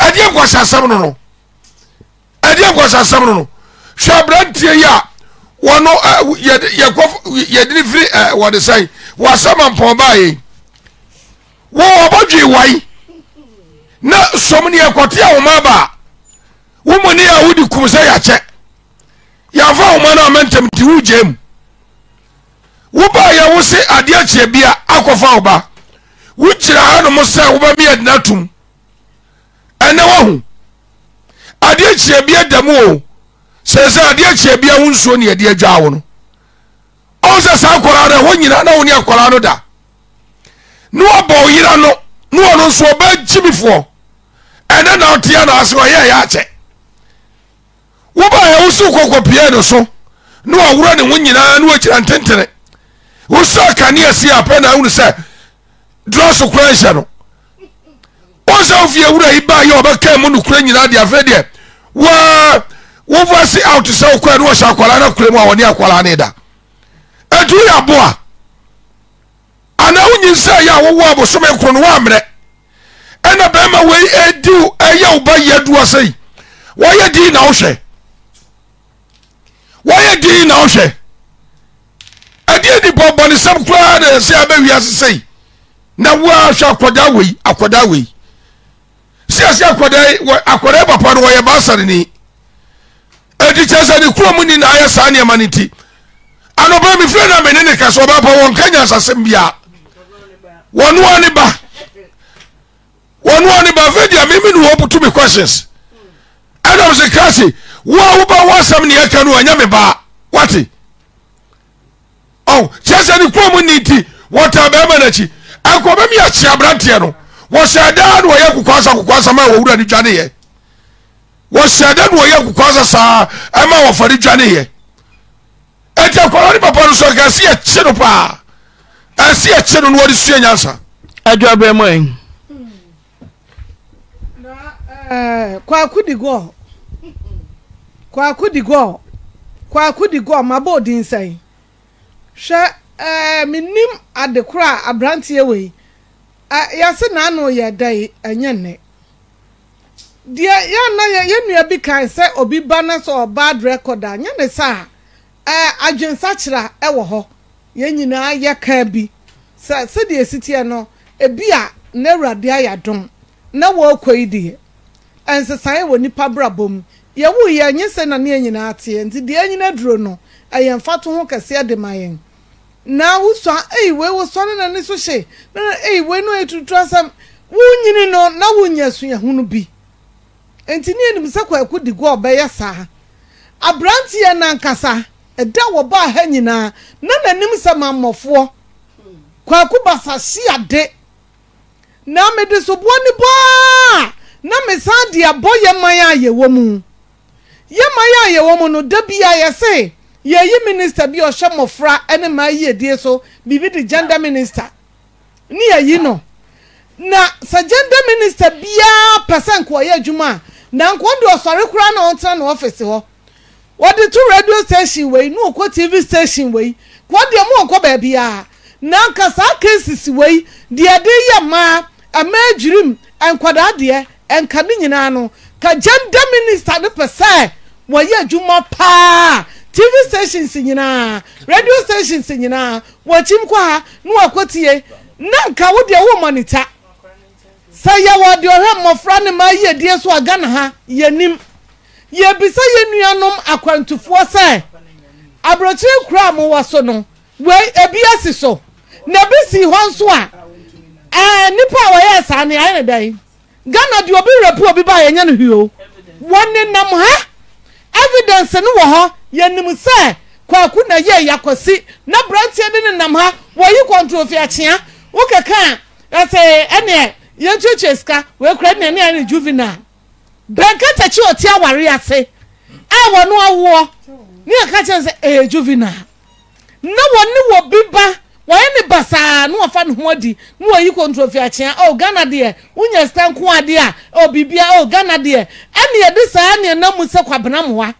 ɛdeɛ nkɔhyɛsɛm no no ɛdeɛ nkɔhyɛsɛm no no hwɛ aberantie yi a wɔno eh, yɛkɔ yɛdini firi eh, wɔde sɛn wɔasɛm ampɔn baa yɛ wɔn wɔyi na sɔm ne yɛkɔte a wɔn aba a wɔn mu ne yɛ wodi kum sɛ yɛakyɛ yɛafa wɔn no ama ti wogye mu wobaa yɛ wo se adeɛ kyerɛ bia akɔfa wo ba wogyina hanom sɛ wobɛmi yɛdena tom ɛnɛ wɔhu adeɛ kyia bia dɛm o sɛsɛ adeɛ kyia bia wo nsuo ne yɛde adwaa wo no ɔhu sɛ saa akwaraa no ɛhɔ nyina na wo ne akwaraa no da ne wɔbɔ wo no ne wɔno nso ɔbɛ gyimifoɔ ɛnɛ na wotea naase ɔyɛ ɛyɛ akyɛ wobaɛ wo so kɔkɔpiaa no so ne waworɔ ne ho nyinaa ne wakyira ntentene wo sa si apɛ na wonu sɛ dorɔ so nhyɛ no ɔnsa ofie awura yi ba yɛ ɔbɛka mu nukura nyinaa deɛ afɛ deɛ wɔɔ wofa si out sɛ okɔ ɛni wɔhyɛ akwalaa na kura mu a wɔne akwalaa ne da etu yɛ aboa anaa wonyi nsa yɛ a wɔwɔ abosome koro no wɔammerɛ ɛna bɛrima wei ediw ɛyɛ ɔba yɛ duwa sɛyi wɔyɛ dii na ɔhwɛ wɔyɛ dii na ɔhwɛ ɛdeɛ nipa ɔbɔnisɛm koraa na ɛsɛ abɛwia sisɛyi na wɔahwɛ akɔdaa wei akɔdaa wei. sɛsɛ akwadaa papa no wɔyɛ basareni ɛti kyɛ sɛ ne kurom nyinaa yɛ saa nneɛma no nti anɔpa mefiri na mene ne ka sɛ ɔbɛpa wɔnka nya asasɛm biaa wɔnoa ne ba wɔnoa ne ba afei deɛ meme ne wɔbuto me questions ɛnam se ka se woa woba wo asɛm ne yɛka no anya me baa wate kyɛ sɛ ne kurom ni nti wɔtaa bɛɛma no akyi ɛnkɔ bɛmiyɛkye aberanteɛ no wɔhyɛ daa na wɔyɛ kokwasa kokwasa ma wɔwura no dwaneyɛ wɔhyɛ da na wɔyɛ kokwasa saa ɛma wɔfɔre dwaneyɛ ɛti akwadaa ne papa no so ka ɛsi ɛkyi no paa ɛsi ɛkyi no na wɔde sua nyansa. adwa bɛn mo yin. kwaku di gɔɔ kwaku di gɔɔ kwaku di gɔɔ ma bɔ odi nsɛn hwɛ eh, ɛɛ mi adekora aberanteɛ wɔ yi. yɛse n'ano yɛ dɛ yi ɛnyɛ nɛ ya na yɛ yɛn nua bi kan sɛ obi ba na sɛ ɔba record a nyɛ ne saa ɛɛ adwensakyera ɛwɔ e hɔ yɛn nyinaa yɛ kaa bi sɛ sɛdeɛ esi teɛ no ebi a na n'awurade ayɛ dɔn na wɔɔkɔ yi deɛ nsesan wɔ nipa brabɔ mu yɛwu ya nye sɛ na ne yɛn nyinaa teɛ nti deɛ yɛn nyinaa duro no ɛyɛ e mfa to ho kɛseɛ de ma na wosua ei wei wosɔre na ne so hye na ei wei no ɛtutu e asɛm wonyini no na wonya suahunu bi nti ne anim sɛ kwaako di gua ɔbɛyɛ saa aberanteɛ nankasa ɛda e wɔbaa ha nyinaa na n'anim sɛ mammɔfoɔ kwaako basa hye ade na mede soboɔ ne bɔa na mesan de abɔ yɛman a yɛwɔ mu yɛman a yɛwɔ mu no da bia yɛse yɛyi minister bi ɔhyɛ mmɔfra ne mmaa yiedie so biribi de gender minister ni yɛyi no na sa gender minister biara pɛ sɛ nka ɔyɛ adwuma a na nka ɔde ɔsɔre koraa na ɔntena ne ɔfisi hɔ wɔde to radio station wei ne ɔkɔ tv station wei kɔ deɛ mu ɔkɔ baabiara na nka saa cases wei deɛ de yɛ mmaa mmaa adwirim nkwadaa deɛ nka ne nyinaa no ka gender minister de pɛ sɛ wɔyɛ adwuma paa tv stations nyinaa radio stations nyinaa wɔkyim kɔ ha na wɔkɔ tie na nka wo deɛ wo mɔnita sɛ yɛwɔ deɛ ɔhwɛ mmɔfra ne ma yɛ die so a ha yɛnim yɛbisa yɛ nuanom akwantufoɔ sɛ aburokyire kura a mowɔ so no wei ebi asi so na ebi si hɔ nso a ɛɛ nipa a wɔyɛ saa ne ayɛ ne dan ghana deɛ obi repu obi ba yɛnyɛ no hwio wɔnenam ha evidence no wɔ hɔ. yɛnim sɛ kwaako na yɛ yakɔsi na beranteɛ de ne nam ha wɔyi kɔntro fi akyea wokeka a ɛsɛ ɛneɛ yɛntuatua sika wɔakura ne ne ne juvenile bɛnka takyi ɔte aware ase a wɔno awoɔ ne yɛka kyerɛ sɛ ɛyɛ juvenile na wɔne wɔ bi ba wɔyɛ ne basaa na wɔfa ne ho adi na wɔyi kɔntro fi akyea o ghana deɛ wonya sika nko adeɛ a o biribia o ghana deɛ ɛne yɛde saa sɛ kwabena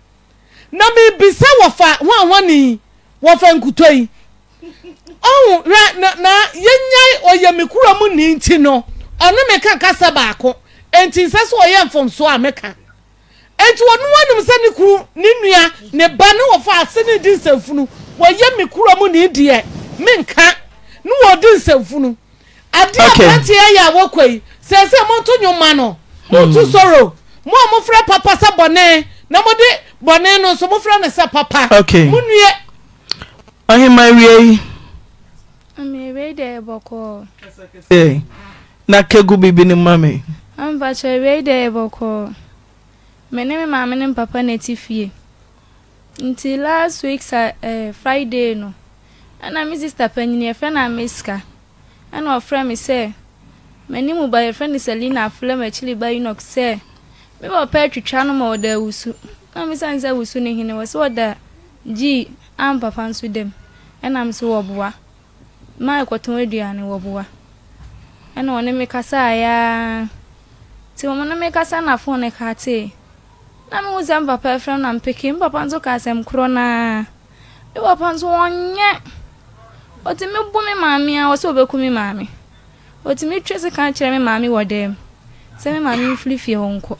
na mebisa wɔfa wɔn a wɔn ni wɔfa nkuto yi ɔhun rɛ na na yɛnya ɔyɛmi kura mu ni nti no ɔne meka kasa baako nti nsɛ so ɔyɛ mfomso a meka nti wɔn wɔn kuru ne nua ne ba ne wɔfa ase ne di nsɛmfunu wɔyɛmi kura mu ni deɛ menka ne wɔdi nsɛmfunu adeɛ aberanteɛ yɛ a wɔkɔ yi sɛ sɛ mo to nyoma no mo to hmm. soro mo a mo fira papa sɛ na mode bɔne no nso mofrɛ no sɛ papa monnue ɔhema wie yi na kɛgu bibi no ma me mpakyɛ wiei dɛ yɛbɔkɔɔ mene me maame ne mpapa na ɛti fie nti last week sa eh, friday no ana me sister panyini yɛfrɛ no ameska ɛna ɔfrɛ me sɛ m'ani mu ba yɛfrɛ no selina aflem akyili ba unok sɛ meba ɔpɛ atwitwa no ma ɔda wusu na mesane sɛ wusu no hene wɔ sɛ ɔda gyi ampapa nso dam ɛnam so wɔboa ma ɛkɔtɔn aduane wɔboa ɛna ɔne me kasaayɛa nti ɔmo no me kasa na fon ne ka tee na mehu sɛ mpapa afrɛ na mpeke mpapa nso ka asɛm korɔ naa ne papa nso ɔnyɛ ɔtumi bu me maame a ɔsɛ ɔbɛku me maame ɔtumi twe sika kyerɛ me maame wɔ dɛm sɛ me maame mfiri fie nkɔ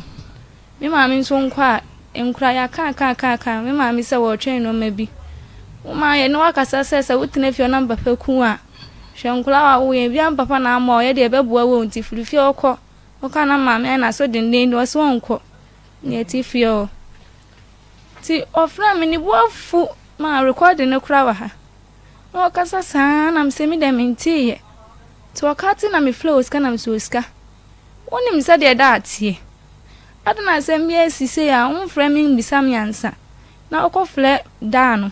me maame nso nkɔ a nkura yɛ akaakaakaaka me maame sɛ wɔretwɛn nneɛma bi woma yɛ ne wakasa sɛ sɛ wotena fie ɔnam papa ku a hwɛ nkura a woyɛ bi ampapa na ama ɔyɛ deɛ ɛbɛboa wɔ nti firi fie ɔkɔ ɔka na maame ɛna so denden de ɔsɛ ɔnkɔ ne ɛti fie ɔ nti ɔfrɛ me ne bo afu ma rekɔde ne kora wɔ ha na ɔkasa saa na mesɛ me dɛ menteeɛ nti ɔka te na mefrɛ osika na mesɛ osika wonim sɛdeɛ da ateɛ ade na asɛm bi asi sei a womfrɛ me mbisa me ansa na wokɔfrɛ daa no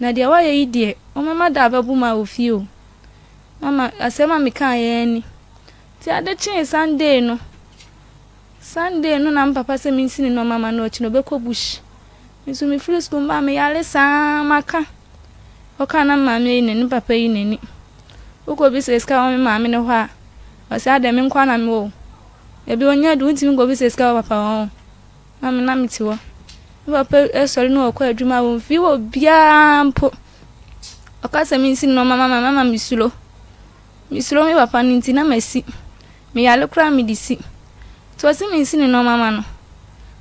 na deɛ woayɛ yi deɛ wɔmɛma daa bɛbo ma wɔ fie o mama asɛm a mekaa yɛn ni nti ade kyee sunday no sunday no na mpapa sɛ mensi ne nɔma ma no ɔkyi no ɔbɛkɔ bush nso mefiri sukuu mbaa meyare saa maka ɔka na maame yi ne ne papa yi n'ani wokɔ bi sɛ sika wɔ me maame ne hɔ a ɔsɛ adɛ me nkɔ na mewɔ o ebi onye adu ntumi nkɔ bi sɛ sika wɔ papa wɔn maame nam ti hɔ ne papa ɛsɔre no ɔkɔ adwuma wɔ mfi wɔ biara mpo ɔkasa mi nsi nnɔma mama mama mi misuro mi mi papa no nti na ma si mi meyale mi mede si to ɔsi mi nsi ne nnɔma ma no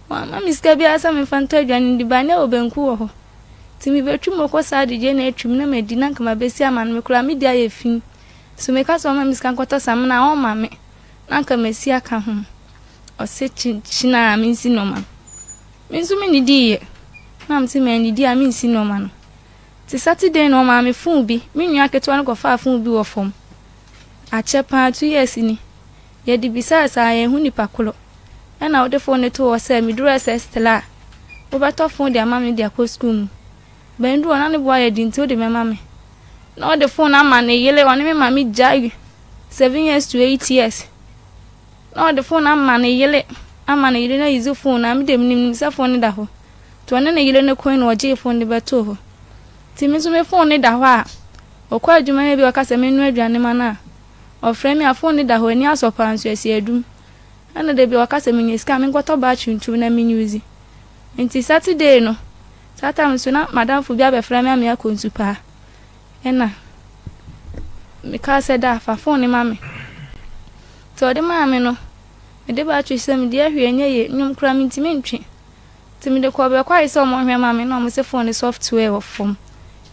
wama mi sika asa mi mefa ntɔ aduane de ba ne wɔ banku wɔ hɔ nti mebɛtwi mu ɔkɔ saa adegye na atwim na ma di na nkama bɛsi ama no mi mekoraa medi ayɛ fi so meka sɛ ɔma mi sika nkɔtɔ samena ma mi. anka mesi aka ho ɔsɛ kyinkyin a mensi nɔma no me nso me nidi yɛ na mte ma nidi a mensi nɔma no te saturday na ɔma me fon bi me nua ketewa no kɔfaa fon bi wɔ fam akyɛ paa two years ni yɛde bisaa saa yɛn ho nipa koro ɛna wode fon no to wɔ sɛ meduru ɛsɛ stela a wobɛtɔ fon de ama me de akɔ sukuu mu bɛn duro na ne boa yɛ di nti wode mɛma me na wode fon no ama ne yele ɔne me ma me gyae seven years to eight years na ɔde fone ama ne yele ama ne yele na yizi fone na mi de mi nim sɛ fone da hɔ to ɔne ne yele ne kɔn na ɔgye fone de bɛto hɔ ti mi nso mi fone ne da hɔ a ɔkɔ adwuma yɛ bi ɔkasa mi nu aduane ma na ɔfrɛ mi a fone ne da hɔ ani asɔ paa nso ɛsi adum ɛna de bi ɔkasa mi nye sika mi nkɔtɔ baa tuntum na mi nyuzi nti saturday no saa time nso na madamfo bi abɛfrɛ mi ami akɔ nsu paa ɛna mi sɛ da afa fone ma mi. nti ɔde maa me no mede baatwe sɛ mede ahwɛ ɛnyɛ yɛ nnwom koraa mentimi nti mede kɔ bɛkɔ ayɛ sɛ ɔmɔhwɛ na ɔmo sɛ fone software wɔ fam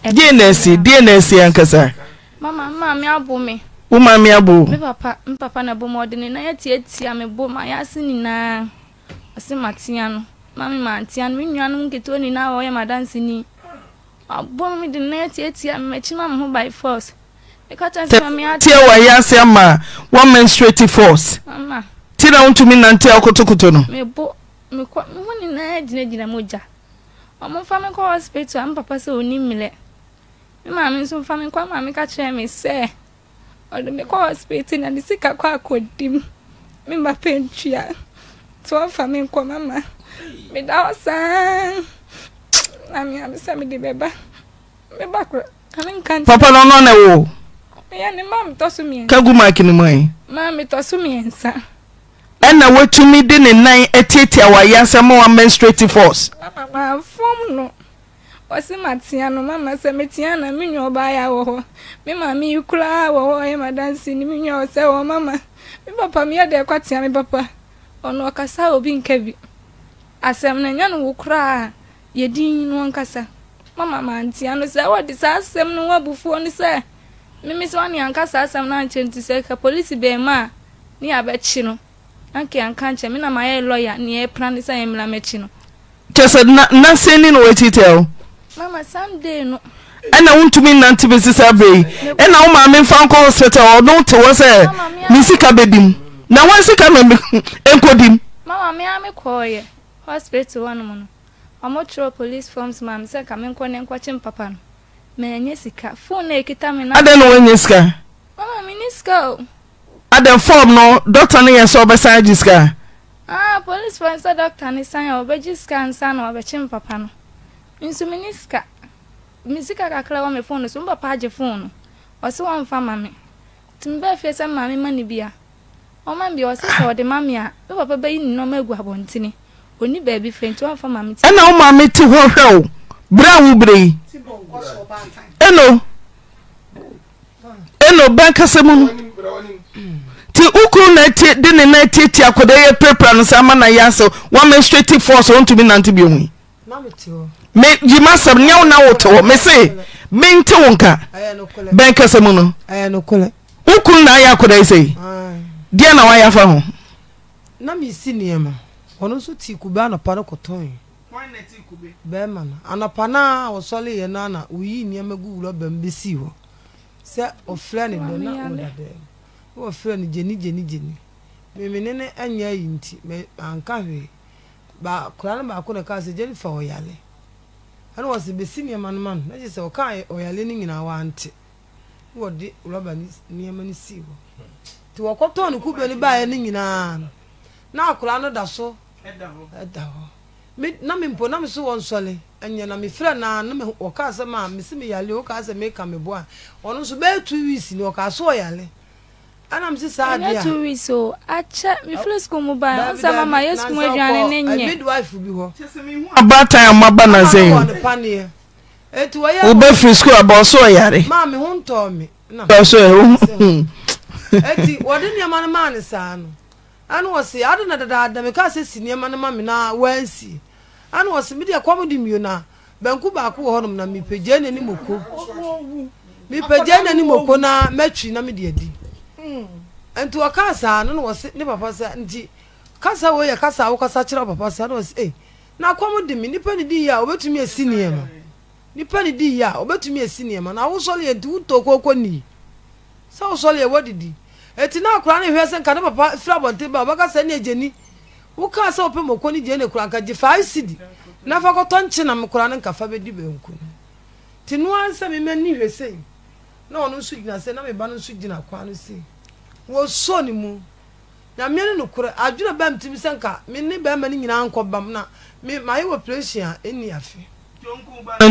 dns na ankasa mama maame abo me wo maame abo me papa me papa na bom ɔde ne na yɛtiatia me bom ayɛ ase nyinaa ɔse no no me nketewa nyinaa wɔyɛ me de na me m'akyi ma me ho by force tie wa ayɛ ase ama one menstruative force ti na wontumi nante akotokoto no meho nyinaa gyinagyina mogya ɔmomfa me kɔ hospital a mpapa sɛ ɔni mmerɛ me maame nso mfa me nkɔ maame ka kyerɛ me sɛ ɔde me kɔ hospital na de sika kɔ akɔdim me ma pantua nti wɔmfa me nkɔ mama meda hɔ saa na meame sɛ mede bɛba meba korɔ papa no ɔno na wo yɛne ma metɔ so mmiɛnsa kagu mark no mu ɛ ma metɔ mmiɛnsa ɛna watumi de ne nan atiatia wayɛ asɛm wa menstrative force mama maafom no ɔse matea no mama sɛ metea na me nwa ɔbaayɛ wɔ hɔ me maame yi koraa wɔ hɔ ɔyɛ madanse ne me nwa ɔ sɛ wɔ mama me papa meyɛ dɛ kwatea me papa ɔno ɔkasa obi nka bi asɛm no ɛnyɛ no wo koraa yɛdin no ankasa mama mantea no sɛ wɔde saa asɛm no wabufuo no sɛ mmemme sị ni ya saa asam na nkyɛn nti sɛ ka polisi bɛn a ne yɛ abɛkyi no anke anka nkyɛn mi na ma yɛ lɔya ne yɛ pra ne sɛ yɛ mmira mɛkyi no. kyɛ sɛ na na sɛni na wɔatitɛ o. mama sunday no. ɛna wontumi nnante bɛsi sɛ abere yi ɛna wo maame mfa nkɔ hospital ɔno te hɔ sɛ ne sika bɛdim na wɔn sika ma nkɔdim. mama mi ame <laughs> kɔɔyɛ hospital hɔ nom no ɔmo twerɛ police forms ma mi sɛ ka mi nkɔ ne nkɔkye mpapa no. menye sika phone ekita me na adan no wenye sika mama mi ni sika o adan form no doctor ne yeso obesan gi sika ah police fan sa doctor ne san obegi sika nsa na obechi papa no nso me ni sika me sika kakra wa me phone so papa agye phone ɔse wɔmfa ma me nti mebɛɛ fie sɛ maame ma ne bia ɔma bia ɔse sɛ ɔde ma me a me papa bɛyi ne nɔma agu abɔntene ɔni baabi fɛ nti wɔmfa ma me ti ɛna wo maame te o Bra a wobere yi ɛno ɛno bɛnkasa mu no nti wokuru na atie de ne na atietie akɔda yɛ prɛprɛ no sɛ ama na yɛ asɛ woamenstrate force wontumi nante bi ohu me gyima sɛm nyɛ wo na wote hɔ me se mente wo nka bɛnkasa mu no wokuru na ayɛ akɔda yi sɛi deɛ na woayɛ afa ho na mesi nneɛma ɔno nso tii kubaa nɔpa no kɔtɔn bɛrima no anapa no a wɔsɔre yɛ no ana woyii nneɛma gu wura bɛm bɛsii hɔ sɛ ɔfrɛ ne dɛ na ɔda dɛm na wɔfrɛ jeni jeni. gyeni gyeni memene ne anyɛ yi nti anka hwee ba koraa no baako na kaa sɛ gyeni fa ɔyale ɛna wɔsɛ bɛsi nneɛma no ma no na gye sɛ ɔkaa ɔyale no nyinaa wante na wɔde rɔba nneɛma no sii hɔ nti wɔkɔtɔɔ ne kube no baeɛ no nyinaa na akoraa no da so ɛda hɔ na mpo na wɔ nsɔle ɛnyɛ na mefrɛ na na ɔka asɛm a mese meyale woka sɛ a ɔno nso ɔka so ɔyale ana mese saa o mefrɛ sukuu mu ba ɔnsa mama aduane ne nyɛ bi hɔ na ɛti wɔyɛ sukuu aba ɔso ɔyare maa me ho ntɔɔ me <laughs> ɛti wɔde nneɛma no maa ne saa no na dadaada meka sɛ si nneɛma ana ɔsɛ medeɛ kɔm de mmio no na bɛnko baako wɔ hɔnom na mepagyae n'ani mɔko mepagyae n'ani mɔko na matwi na mede adi nti ɔkaa saa no na wɔse ne papa sɛ nti kasa wei yɛ kasa a wokasa kyerɛ papa saa eh, na wɔse ei na kɔm de me nipa ne di yie a obɛtumi asi nneɛma nipa ne di yie a obɛtumi asi nneɛma na wosɔre yɛ nti wotɔ kooko nii sɛ wosɔre yɛ wɔdidi eti na akora ne hwɛ sɛ nka ne papa firi abɔnten ba ɔbɛka sɛ ne agyani wokaa sɛ wopɛ mɔkɔ no gyene kura nka gye faa sidi na fa kɔtɔ nkye na mekora no nkafa bɛdi banku no nti a sɛ memani hwɛ sei na ɔno nso gyina sɛ na meba no nso gyina kwa no sei wɔsuo ne mu nyameɛ no nokorɛ adwene sɛ nka mene bɛrima no nyinaa nkɔ bam na mayɛ wɔ operation a afe nka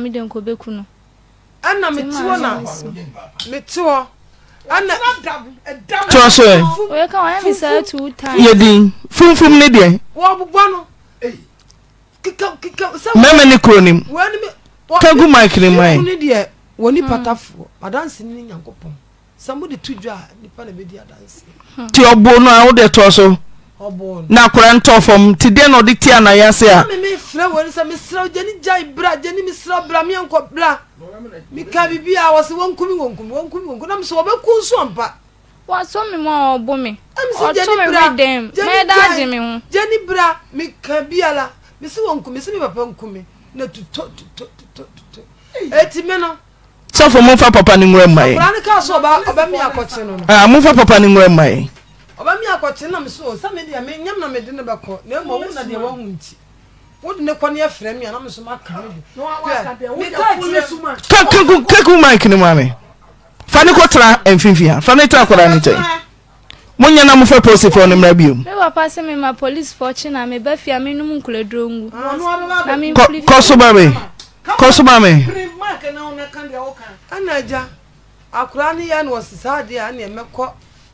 mede no ɛna mete hɔ na mete hɔ ɛna tɔ so ɛ yɛdin funfun ne deɛ wɔbobɔ no mɛmɛ ne kuro nim kagu mic ne ma ye wɔni patafoɔ adansi ne nyankopɔn sɛ mode to dwa a nipa na bɛdi adansi nti ɔbo no a wode tɔ so na akora ntɔ fam te deɛ na ɔde te anayase a. mi mi filɛ wɔn sɛ mi siraw jɛni ja ibra jɛni mi siraw bra mi yɛn kɔ bra mi ka bibi a wɔsi wɔn kumi wɔn kumi wɔn kumi wɔn kumi na mi sɔ wɔbɛ kun sɔn pa. wɔsɔ mi ma ɔbɔ mi ɔtɔ mi mi dɛm mɛ da di mi ho. jɛni bra mi ka bi a la mi si wɔn kumi mi si mi papa nkumi na tutɔ tutɔ tutɔ tutɔ eti mi na. sɔfo mo papa ni nwura mma ye. ɔbɛn mi akɔkye no. aa ah, mo papa ni nwura mma ye ọba mi akɔkye nam so o sami deɛ mi nyam na mi de ne bɛ kɔ na emu ɔmu na deɛ wahu nti wodi ne kɔ ne efirɛ mi a nam so ma ka mi do mi ka akyire kaku kaku mic ni maame fa ne kɔ tra mfimfin ha fa ne tra akɔda ne nkyɛn mo nyɛ na mo fɛ polisi fɛ ɔne mmerɛ bio. mi papa se mi ma polisi fɔ kyi na mi bɛ fia mi num nkule duro ngu ah, na mi nfiri. kɔ so ba mi kɔ so ba mi. ana agya akora ne yɛ na ɔsesa adeɛ a ne ɛmɛ kɔ.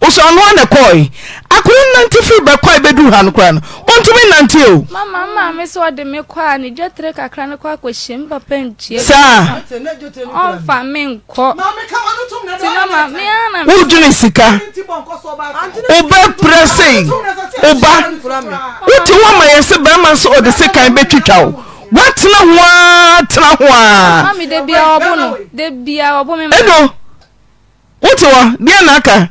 woso anoa ne kɔe akoro nnante firi bɛkɔe bɛduru ha no koraa no ɔntumi nnante o mama maa me sɛ ɔde me kɔ a ne dwotire kakra no kɔ akɔhyia m papa ntua saa ɔmfa me nkɔ wodwene sika wobɛprɛ sei woba wote woama yɛ sɛ bɛrima nso ɔde sekan bɛtwitwa wo woatena ho a tena ho a ɛno wote wɔ deɛ na aka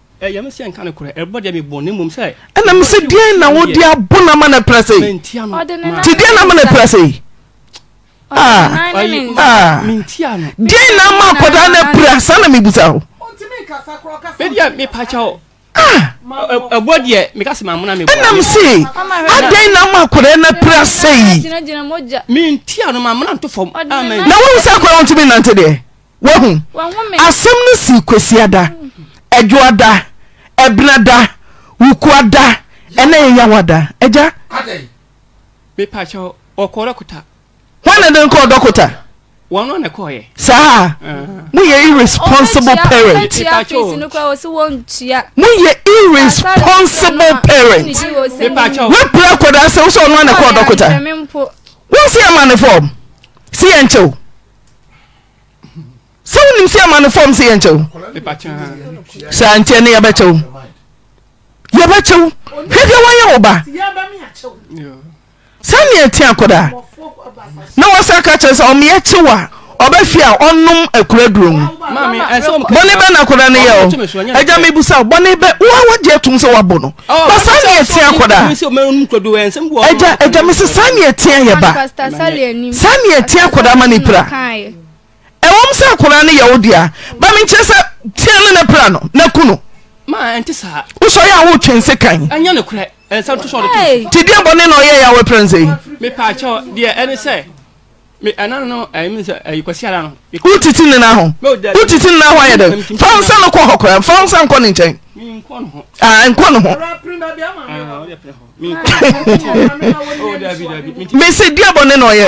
Eh, ɛnam sɛ dean nawode abo nama na pra sɛi ti deɛ na ma no pra sɛi dean na ma akɔdaa no pra saa na mebusa hoɛnam se adan na ma kɔrɛ na pra sɛi na wohusa kora wotu mi nante deɛ wahuasɛm no sii kwasi da awuada mm. ɛbina da wukua da ɛna yɛ da ɛgya. mepa ne nkɔ dɔkota. saa ah. mo irresponsible parent. mo irresponsible parent. wepere akɔda sɛ wosɛ ɔno na kɔ dɔkota. wɔn si ne fɔm si yɛ sɛ wonim sɛ ama no fom sɛ yɛnkyɛwo sɛntiɛ no yɛbɛkyɛ wo yɛbɛkyɛ w hwɛɛ wyɛ wo basane kan wsa ka kerɛsɛ ɔmɛkewa ɔbɛfia ɔnom akradurmu bɔne bɛnaka ny yams gsɛ nsyames saaneeayɛbaneakma ɛwɔm sɛ akora no yɛwo dea ba menkyerɛ sɛ tia no ne pra no na ku no wosɔre a wotwe nse kan nti deɛ bɔne na ɔyɛ yɛ a wɔprɛ nsɛ wotete nena ho wotete nena ho ayɛ dɛ fa nsa no kɔ hɔ kora fa nsa nkɔ ne nkyɛn nkɔ ne ho mesɛ diabɔne na ɔyɛ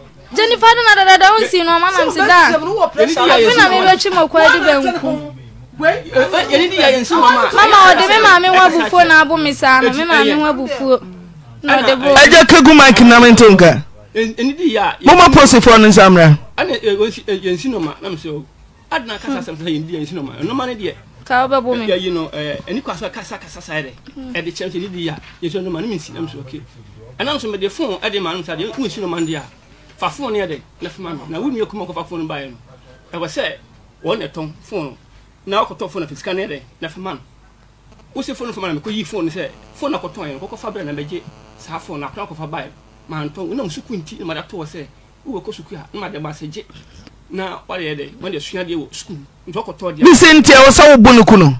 jennifer do na dada da wonsi no ma nam si da afi na me betwi mo kwa di benku mama ɔde me maame ho abufuo na abo me saa no me maame ho abufuo na ɔde bo agya ka gu mike nam nto nka moma posifoɔ no nsa mmra eh, eh, eh, oh, ka wobɛbo me ɛni kɔ asɔ kasa kasa saa dɛ ɛde kyerɛ mm. sɛ ne di yɛ yɛsɛ ma ne mensi nam sɛ ok ɛnam so mede fon ma no sa deɛ wonsi no ma no fa fone yɛ de na fama no na wo kuma kɔfa fone baeɛ no ɛwɔ sɛ wɔn na ɛtɔn fone na wɔkɔtɔ fone fi sika no yɛ na fama no wosi fone fama na mekɔ yi fone sɛ fone akɔtɔn yɛ no kɔkɔfa berɛ na mɛgye saa fone na akora kɔfa baeɛ ntɔn wonam suku nti na mada toɔ sɛ wowɔ kɔ suku a na mada ba sɛ gye na wɔde yɛ de wɔde wɔ sukuu nti wɔkɔtɔ deɛ. bisi ntiɛ wɔ wo bu ne ku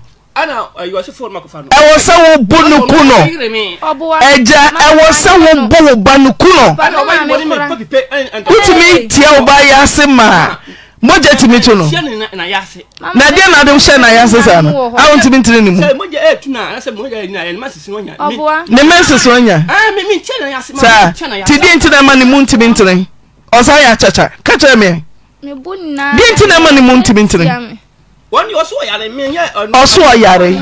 ɛwɔ sɛ wo bo no ku no ɛgya ɛwɔ sɛ wo bo wo ba no ku no wotumi tia wo ba yɛ ase maa mogya tumi to no na deɛ na de hyɛ na yɛase saa no a wontumi ntene ne mu ne ma nsese onya saa nti deɛ nti na ma ne mu ntumi ntene ɔsa yɛ akyakya ka kyerɛ me deɛ nti na ma ne mu ntumi ntene ɔso ɔyare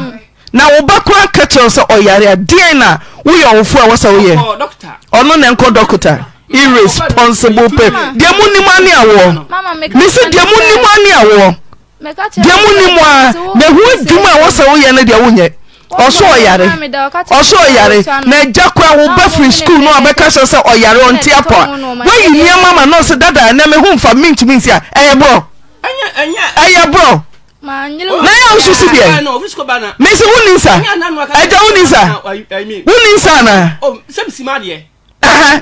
na woba ka kyerɛw sɛ ɔyare a deɛn na woyɛ ɔwofo a wɔsɛ woyɛ ɔno ne nkɔ dɔkota irresponsible pa deɛ monim ane awoɔ me sɛ deɛ monim ane awoɔ deɛ a na ɛho adwuma a wɔsɛ woyɛ no deɛ wonyɛ ɔso ɔyareɔso ɔyare na agya koraa woba firi skuul no abɛka kyerɛ sɛ ɔyare ɔnte apɔ a woayi nneɛma ma nɔɔse dadaa na mfa nsi a ɛyɛ borɔ ɛyɛ borɔ Oh. na yà wosò si diẹ mesi wọn ni nsa ẹja wọn ni nsa wọn ni nsa na. Oh,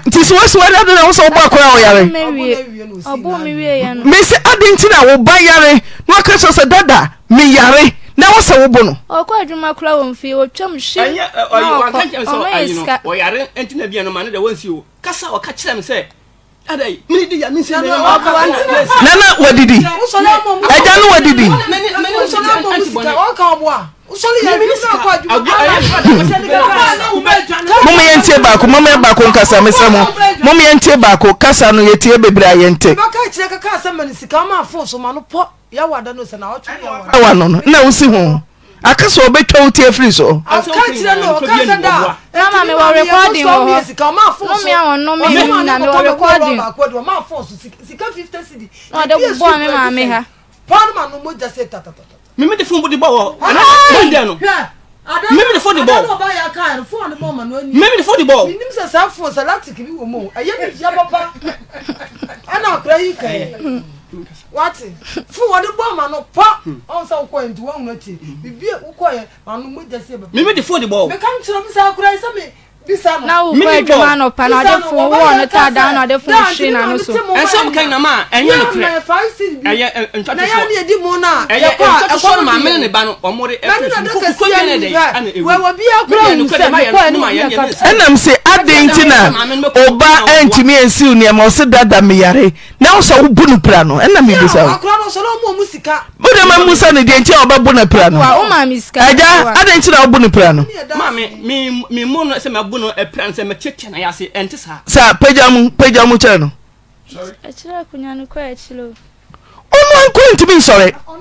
nti siwa siwa ni adana wosan ọba akora ọyare mesi adi nti na ọba yare na waka kyerɛ sɛ dada mi yare na wosan wo bo no. ọkọ adwuma kura wọn fi otwam si na ọkọ ọmọ yẹ sika. ọyare ntina bi yẹn no ma ne de wọn si o kasa ọka kyerɛ mi sɛ nana wadidi ẹja ni wadidi. mumu yɛn tie baako mumu yɛn baako nkasa mesra mu mumu yɛn tie baako kasa no yɛ tie bebree a yɛn te. awa no no na wosi ho akasa ɔbɛtwa wo tie firi so. akakyerɛ no ɔkasa da mama mi wɔ rekɔdin wɔ hɔ mumi awon no mi na mi wɔ rekɔdin ɔde bɔ mi maa mi ha. paulma no mo jɛ se tatatata. mimi de fun de bɔ wɔ ɛnɛ no mimi de fun de bɔ mimi de fun de bɔ. nim sɛ saa fon salatik bi wɔ mu o ɛyɛ mi jɛ papa ɛna akura yi kan yɛ wate fi wɔde bɔ ma no pa ɔn sɛ wokɔ yɛ nti woahunu akyi bibie wokɔ yɛ ma no mogya sɛ bɛpa meme de fo de bɔ meka nkyerɛ m saa koraa sɛ me na wo kɔ adwuma no pa na ɔde fo wo ɔno ta dan na ɔde fo hwi na no so ɛsɛm kan nam a ɛnyɛ nokorɛ ɛyɛ ntwatosoɔ ɛyɛ ntwatosoɔ no maame ne ne ba no ɔmo de ɛkɔkɔ yɛ ne de ɛna ewu ɛnam sɛ adan nti na ɔba ɛntumi ɛnsiw nneɛma ɔsɛ dada me yare na ɔsɛ wobu no pra no ɛna mebi sɛ wode ma mu sa ne deɛ nti a ɔbɛbo no pra no agya adan nti na wobu no pra no gu no ɛpira nsɛ mɛkyɛkyɛ na yɛase ɛnte saa sa pagya mu pagya mu kyerɛ no ɛkyerɛ akonnwa no kɔ akyire ɔno ankɔ ntumi nsɔre ah,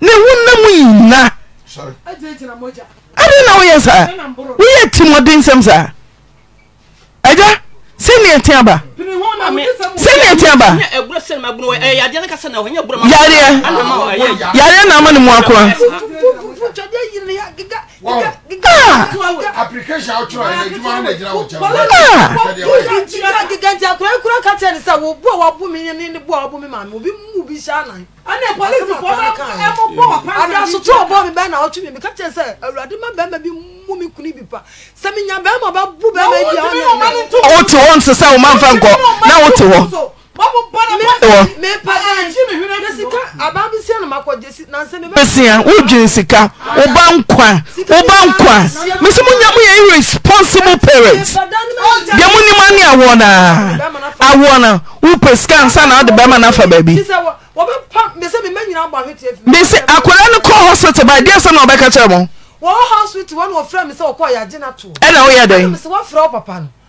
ne ho nam nyina adɛn na woyɛ saa woyɛ timɔden nsɛm saa agya sɛneɛ te aba sɛnea ɛte aba yareɛ yareɛ na ama ne mu akoa adasotɔ ɔbɔ mi bɛɛ sɛ awurade ma nkɔ na wote hɔ besia wodwene sika woba nkwa woba nkwa mesɛ monya moyɛ irresponsible parents deɛ monim ane awoɔ no a awoɔ no wopɛ sika ansa na wode bɛma no afa baabi mesɛ akwara no kɔ hospital ba deɛ sɛ na wɔbɛka kyerɛ mo ɛna woyɛ dɛn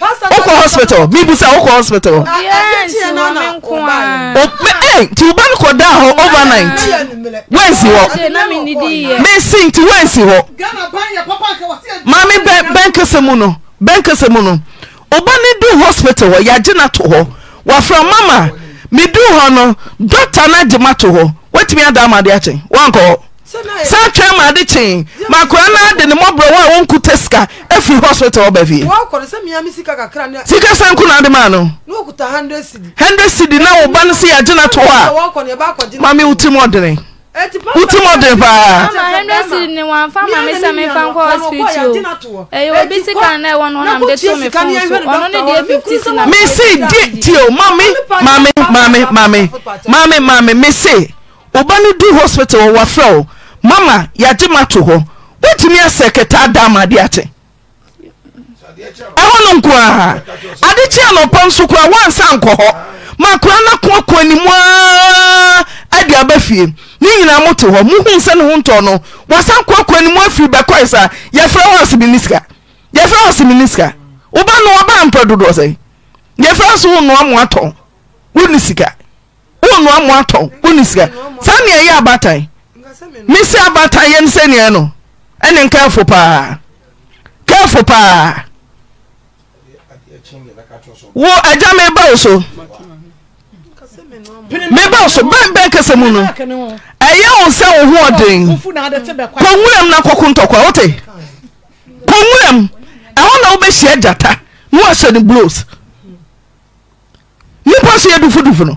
wokɔ hospital mibu sɛ wokɔ hospital nti woba no kɔda hɔ overnight wansi hɔ mesi nti wansi hɔ maame kese mu no kese mu no oba ne du hospital hɔ yɛagye no to hɔ wafra mama medu hɔ no Doctor na agye ma to hɔ woatumi ada amade akyɛn wankɔ hɔ saa twɛn ma ade kyɛn makora no ade ne mɔborɔ wɔ a wɔnkuta sika afiri hospital ɔba fie sika sɛ nko na ade maa no hundred cd na wo ba no sɛ yɛagye na to hɔ a mame wo tirim ɔdene wo tirim ɔdene paa mese di tio mami, mami, mami, mami, mami, mame mese wo ba no du hospital wɔwafrɛ wo mama yɛgye mato hɔ wotumi asɛ seketa da ma ade akye ɛhɔ no nko a ade kye anɔpa nso koraa woansa nkɔ hɔ ma kora no koakɔ animu aa ade aba fie ne nyinaa mote hɔ muhuu sɛ ne ho ntɔ no afiri bɛkɔe saa yɛfrɛ hɔ semini sika yɛfrɛ hɔ sika woba no mpɛ dodoɔ sɛ yɛfrɛ so mesi abata yɛm sɛneɛ no ɛne nkɛfo paa kɛfo paa wo agya meba wo so meba wo so bɛn bɛn kasa mu no ɛyɛ wo sɛ wo ho ɔden kɔnwuram na kɔko ntɔkwa wote kɔnwuram ɛhɔ na wobɛhyia gyata na wahyɛ ne blows nipa so yɛ dufudufu no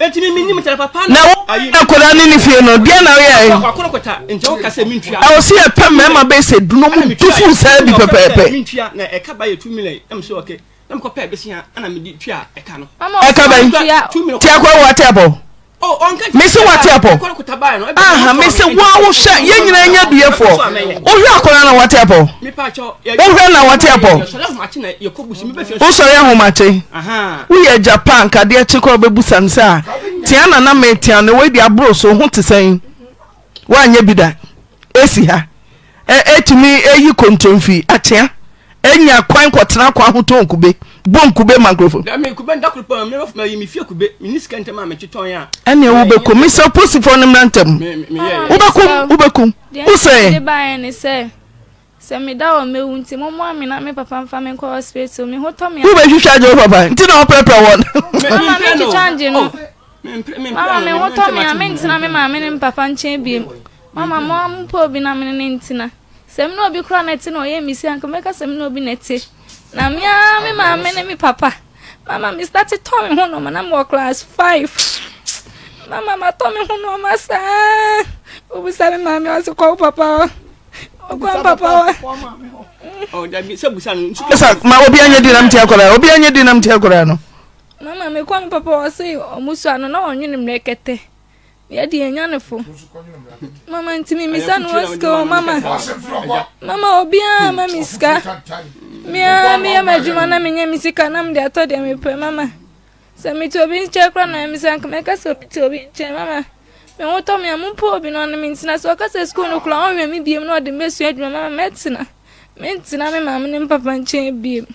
na ɛwona koda ne ne fie no deɛ naoyɛɛwɔ sɛyɛ pɛ mama bɛsɛ duno mu dufu saa bi pɛpɛpɛɛkabytiakoa woateap Oh, mesi wateapɔ ah, aha mesi woa ya nyere nya duɛfoɔ wohwɛ akɔra na wateapɔ wohwɛ na wateapɔ wosɔre woyɛ japan kadeɛ kye kora wobɛbu sɛ a tea na metea ne woadi aborɔ so ho te sɛn woanyɛ bi da ɛsi ha ɛtumi ɛyi kontomfii atea ɛnya kwan kɔtena kwa ho bɔ nkube ma nkurɔfo. dami kube nda kuru pɔn mi ma mi fie kube mi ni sika ntɛm a mi ti tɔn ya. ɛni ewu bɛ kum misɛn posifɔ ni mìíràn tɛm. wubɛ kum wubɛ kum usɛ. deɛ ba yɛ ni sɛ sɛ mi da nti mo mu ami na mi papa nfa mi nkɔ hospital mi ho tɔ mi. wubɛ hwehwɛ adi o papa nti na ɔpɛrɛpɛrɛ wɔn. mama mi ti change no oh, mama mi ho tɔ mi a mi ntina mi maame ne papa nkyɛn biem mama mo amu obi na mi ne ntina sɛm obi kura na ti na ɔyɛ mi anka mɛka sɛm obi na ti. na mi mia mi maame ne mi papa mama mi start tɔ mi ho nɔɔma na mi wɔ class five mama ma tɔ mi ho nɔɔma saa obusa mi maame ɔsi kɔ o papa wa. o kɔ n papa wa. Oh, sɛ ma obi anyɛ di nam tia kɔraa obi anyɛ di nam tia kɔraa no. mama mi kɔ mi papa wa se ɔmo so ano na ɔnwene mmerɛ kɛtɛ di yɛnya ne fo mama ntimi misa no wɔ sika o mama mama a ma mi sika. mia mia madwuma na menya me sika na mede atɔ deɛ mepɛ mama sɛ mete obi nkyɛ kora na mesa nka mɛka sɛ mete obi nkyɛ mama meho tɔ mea mompɛ obi no ɔne mentena sɛ ɔka sɛ skul no kora ɔnwɛ me biem na ɔde mɛsua adwuma mama mɛtena mentena me maame ne mpapa nkyɛn biem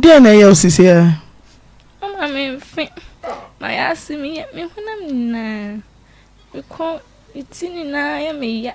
deɛ na ɛyɛ wo sisiɛ mama memfe mayɛ ase meyɛ meho nam mekɔ meti nyinaa yɛ meya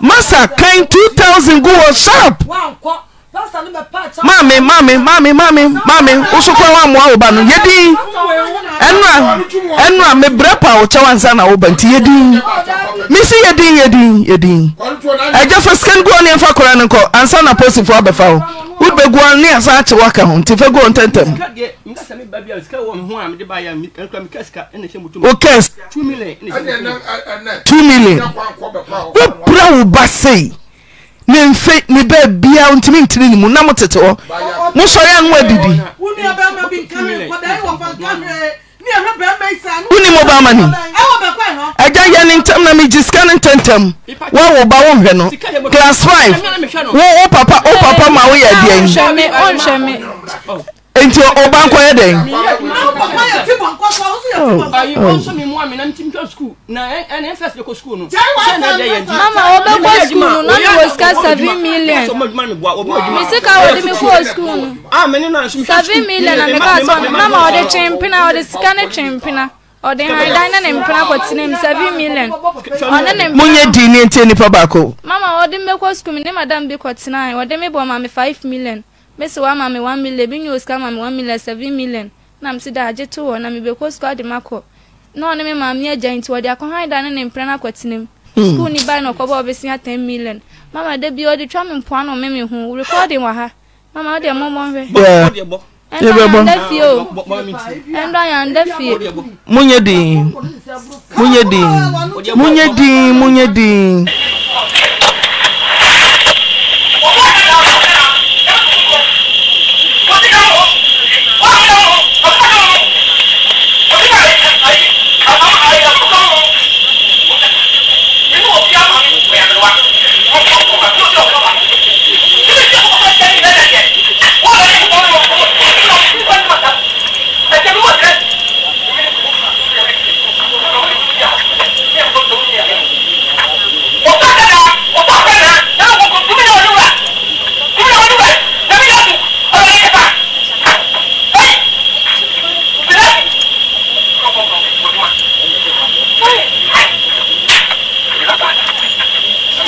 masa kan two thousand gu wɔ sharp maame maame maame maame maame wosokora wa mmoa wo no yɛdin ɛno a ɛno a mebrɛ pa wo kyɛ wansa na wo nti yɛdin Misi yɛdin yɛdin yɛdin agya fa sika no gu hɔ ne kora no nkɔ ansa na posifoɔ abɛfa wo wodbɛgu a ne asa akye waka ho nti fɛ ntɛntɛm wokɛs two million wopra wo ba sei ne mfe ne bɛɛ bia ntumi ntiri ne mu na mo hɔ mosɔre a no adidi wonim wo baama ni agya yɛ ne ntam na megye sika no ntɛntɛm woawo ba wonhwɛ no class five? 5 wo papa wo papa ma woyɛ adeɛ yi nti ọba nkọ yẹ dẹ. ọba yẹ ti bọ nkọ sọ ọsọ yẹ ti bọ nkọ. ayi wọn sọ mi mu mama ọbẹ kọ sukuu nù náà ni wò sika seven million mi sika wò di mi kọ sukuu nù seven million na mi kọ sọ nù mama ọdẹ kyempina ọdẹ sika ne kyempina ọdẹ hàn dan ne mpina kọ tẹ ne mu seven million ọdẹ ne mpina. mo nye di ni n tẹ nipa baako. mama ọdẹ mi kọ sukuu mi ne madam bi kọ tẹ náà ọdẹ mi bọ maami five million mesi wa ma mi one million bi nyo sika ma mi one million seven million na mi si da agye to hɔ na mi bɛ kɔ sukuu adi ma kɔ na ɔne mi maame agya nti wɔde akɔhan da ne ne mpere na akɔtena mu sukuu ni ba na ɔkɔba ɔbɛsia ten million mama de bi ɔde twa mi mpoano mi mi ho recording wɔ ha mama ɔde ɛmɔ mɔ hwɛ. ɛnda yan da fie o ɛnda yan da fie. munyɛ din munyɛ din munyɛ din munyɛ din.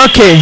okay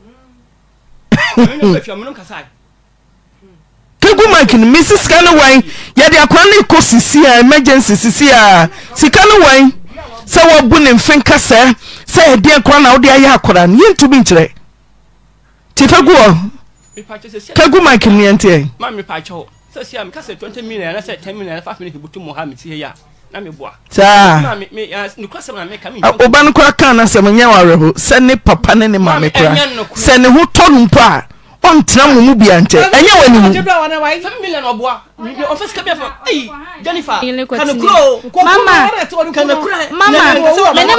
<laughs> kagu mak nomesi sika no wai yɛde akora no ɛkɔ sesie a emergency sisia sika no wai sɛ woabu ne mfenkasa sɛ ɛdeɛ nkora na wode ayɛ akora no yɛntumi nkyerɛ nti fa gukagu maknɛnt oba no kora ka no asɛm nyɛ wawerɛho sɛ ne papa ne ne maame kora sɛ ne ho tɔ no mpo a ɔntena mo mu bia nkyɛ ɛnyɛ w'animumamene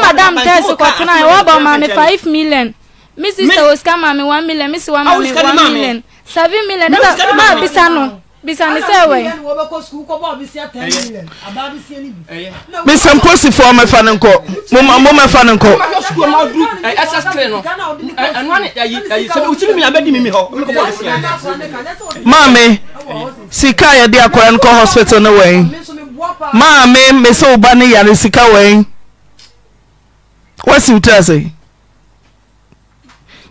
madam tɛs kɔtenaɛ wɔba maame 5 ah, million me sister osika maame 1 million mesi 1 million 7 million dada no mesɛ mposifoɔ mɛfa no nkɔ mo mɛfa no nkɔ maame sika yɛde akɔra no kɔ hospital no wɛn maame mesɛ wo ba no yare sika wɛn wasiw tra sɛ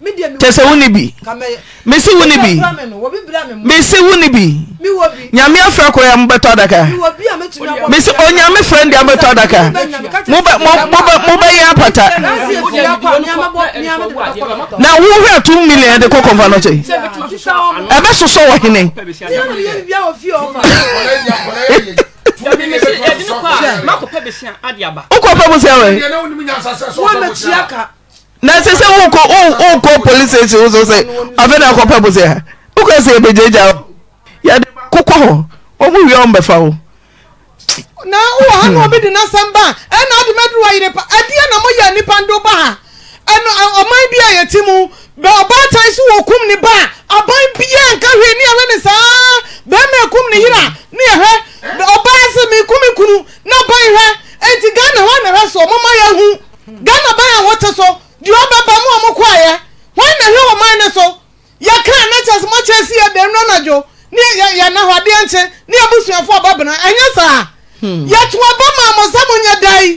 bi. sɛ wone bi mese ya ne bi mese wo ne bi nyame afrɛ korɛ a mobɛtɔ adaka mese onyame frɛ n deɛ mobɛtɔ adaka mobɛyɛ apata na wohwɛ 2 million de kɔ kɔmfa no kwa! ɛbɛsosɔ wɔ hene na sɛ sɛ wokɔ police station wo so sɛ afei na akɔpa bo sɛ ha wokɔ sɛ yɛbɛgyagya wo yɛde kokɔ hɔ na wowɔ ha e na ɔbɛdi n'asɛm ba ɛna ade mɛduru wa pa e e na moyɛ ndo ba ha ɛno ɔman bi a yɛti mu bɛ ɔbaatan so wɔkum ne ba a aban nka hwɛ ne yɛhwɛ ne saa bɛrima akum ne yera ne yɛhwɛ ɔbaa sɛ mekum kunu na ban hwɛ enti ghana hɔ na hwɛ so ɔmoma yɛhu ghana ban a wɔte so deɛ ɔbɛba mu a mokɔ ayɛ wɔn na hwɛ wɔ man so? so yɛkaa ne kyɛ sɛ mokyɛ si yɛ bɛnu anadwo ne yɛna hɔ adeɛ nkye ne abusuafoɔ ɔbɛbena ɛnyɛ saa hmm. yɛto aba ma amosa mo nyɛ dae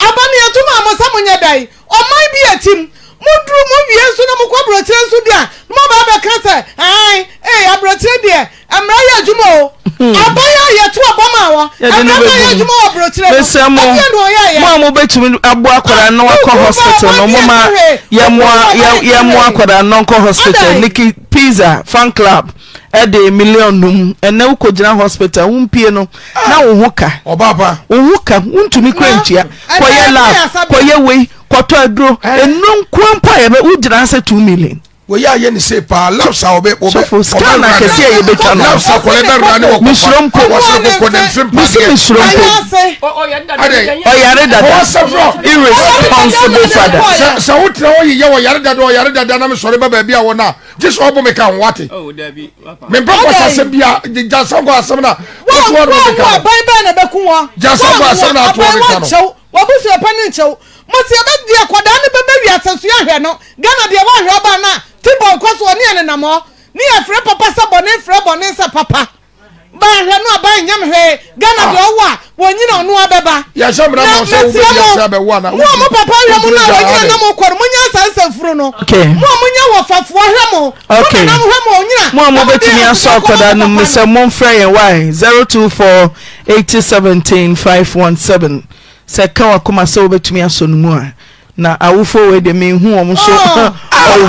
aba no yɛto ma amosa mo nyɛ dae ɔman bi atim moduru mo wie nso na mokɔ aborɔkyerɛ nso di a na ba bɛka sɛ ɛn ee aborɔkyerɛ eh, deɛ mmara yɛ adwuma o ɛsɛ mmoa mbɛkimi aboa kdannoakɔ ah, hospital no moma yɛmoa kadannɔkɔ hospital nii pizsa fan club de million numu ɛnɛ wokɔgyina hospital wompie no ah. na wo o wo ho ka wontuni korankyia kɔyɛ lap kyɛ wei kɔtɔ aduro ɛno nkoa payɛ bɛ wogyina sɛ 2 millin wòye ayé ni se paa lapsa ọbẹ ọbẹ sọfọ scan akẹsí ẹyẹ bẹ twa náà lapsa kọlẹ bẹ rani wọ kọfà wọsẹ kọkọ dẹ nfin paaki ẹ misi misironko ọyàrá dada irresponsible father. sàwọn tẹ̀lé wọ́n yìí yẹ wọ yàrá dada ọ̀yàrá dada náà mi sọ̀rọ̀ bá bẹ̀ẹ̀ bí àwọn náà jésù ọ̀bùn mi kà ń wáte oh, mi bá kọ́ sase bíya jasanko asẹ́mu náà wọ́n tún wọ́n mi kà wọ́n àbáyé bẹ́ẹ̀ na bẹ kún wọn jasanko asẹ́mu náà tún wọ́n mi kà wọ́n wọ́n bú sùn ẹ̀pẹ́ ní nkyẹ́wò mo ti ẹ̀ bẹ́ di ẹ̀kọ́dá ní bẹ́ẹ̀ a wíyà sẹ́sùn yà hwẹ́ no ghana deɛ wọ́n ahwẹ́ ọba náà ti bɔ nkɔ so ɔne ɛnenam hɔ ne yɛ frɛ papa sɛ bɔne frɛ bɔne sɛ papa báyìí nù ọba ìyẹn hwẹ ghana dùn ọwọ a wọn nyina ọnu abẹba. yàtọ̀ mìíràn náà sọ wọ́n bẹ̀rẹ̀ yàtọ̀ abẹ wà náà. mú ọmú papa hwẹ mu náà wọ́n nyina náà mu kọ́ mu nyẹ sànsẹ̀ furu no. mú ọmú nyẹ wọ fàfuwa hwẹ mu. mú nànám hwẹ mu ọ̀nyina. mú ọmú bẹ́tìmí asọ mú nfẹ́ yẹn wáyé zero two four eighty seventeen five one seven sẹ́ káwọn akọ́mọ asẹ́wọ́ bẹ́tìmí asọ nù mu a na awofo wei de mi hu ọmọ so. yawɔ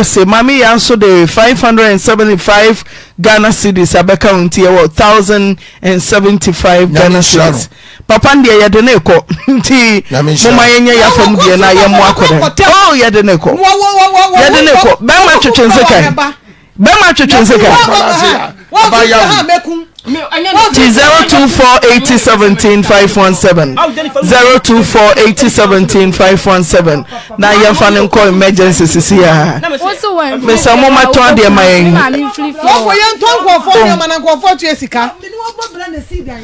usa maya nso de 575 ghana cities abɛkantiɛ75 gana ciies papandeɛ yɛde ne kɔ nti moma yɛnyɛ ya afmdenyɛmoknɛkma twetwe nse ka zero two four eighty seventeen five one seven zero two four eighty seventeen five one seven na yẹn fa ni nkọ emergency sisi ya mesa mo ma tọ́ adiẹ ma yẹn. wọ́n yẹn tó nkọ̀ọ̀fọ́ ní ọmọ náà nkọ̀ọ̀fọ́ tuyẹ̀ sika.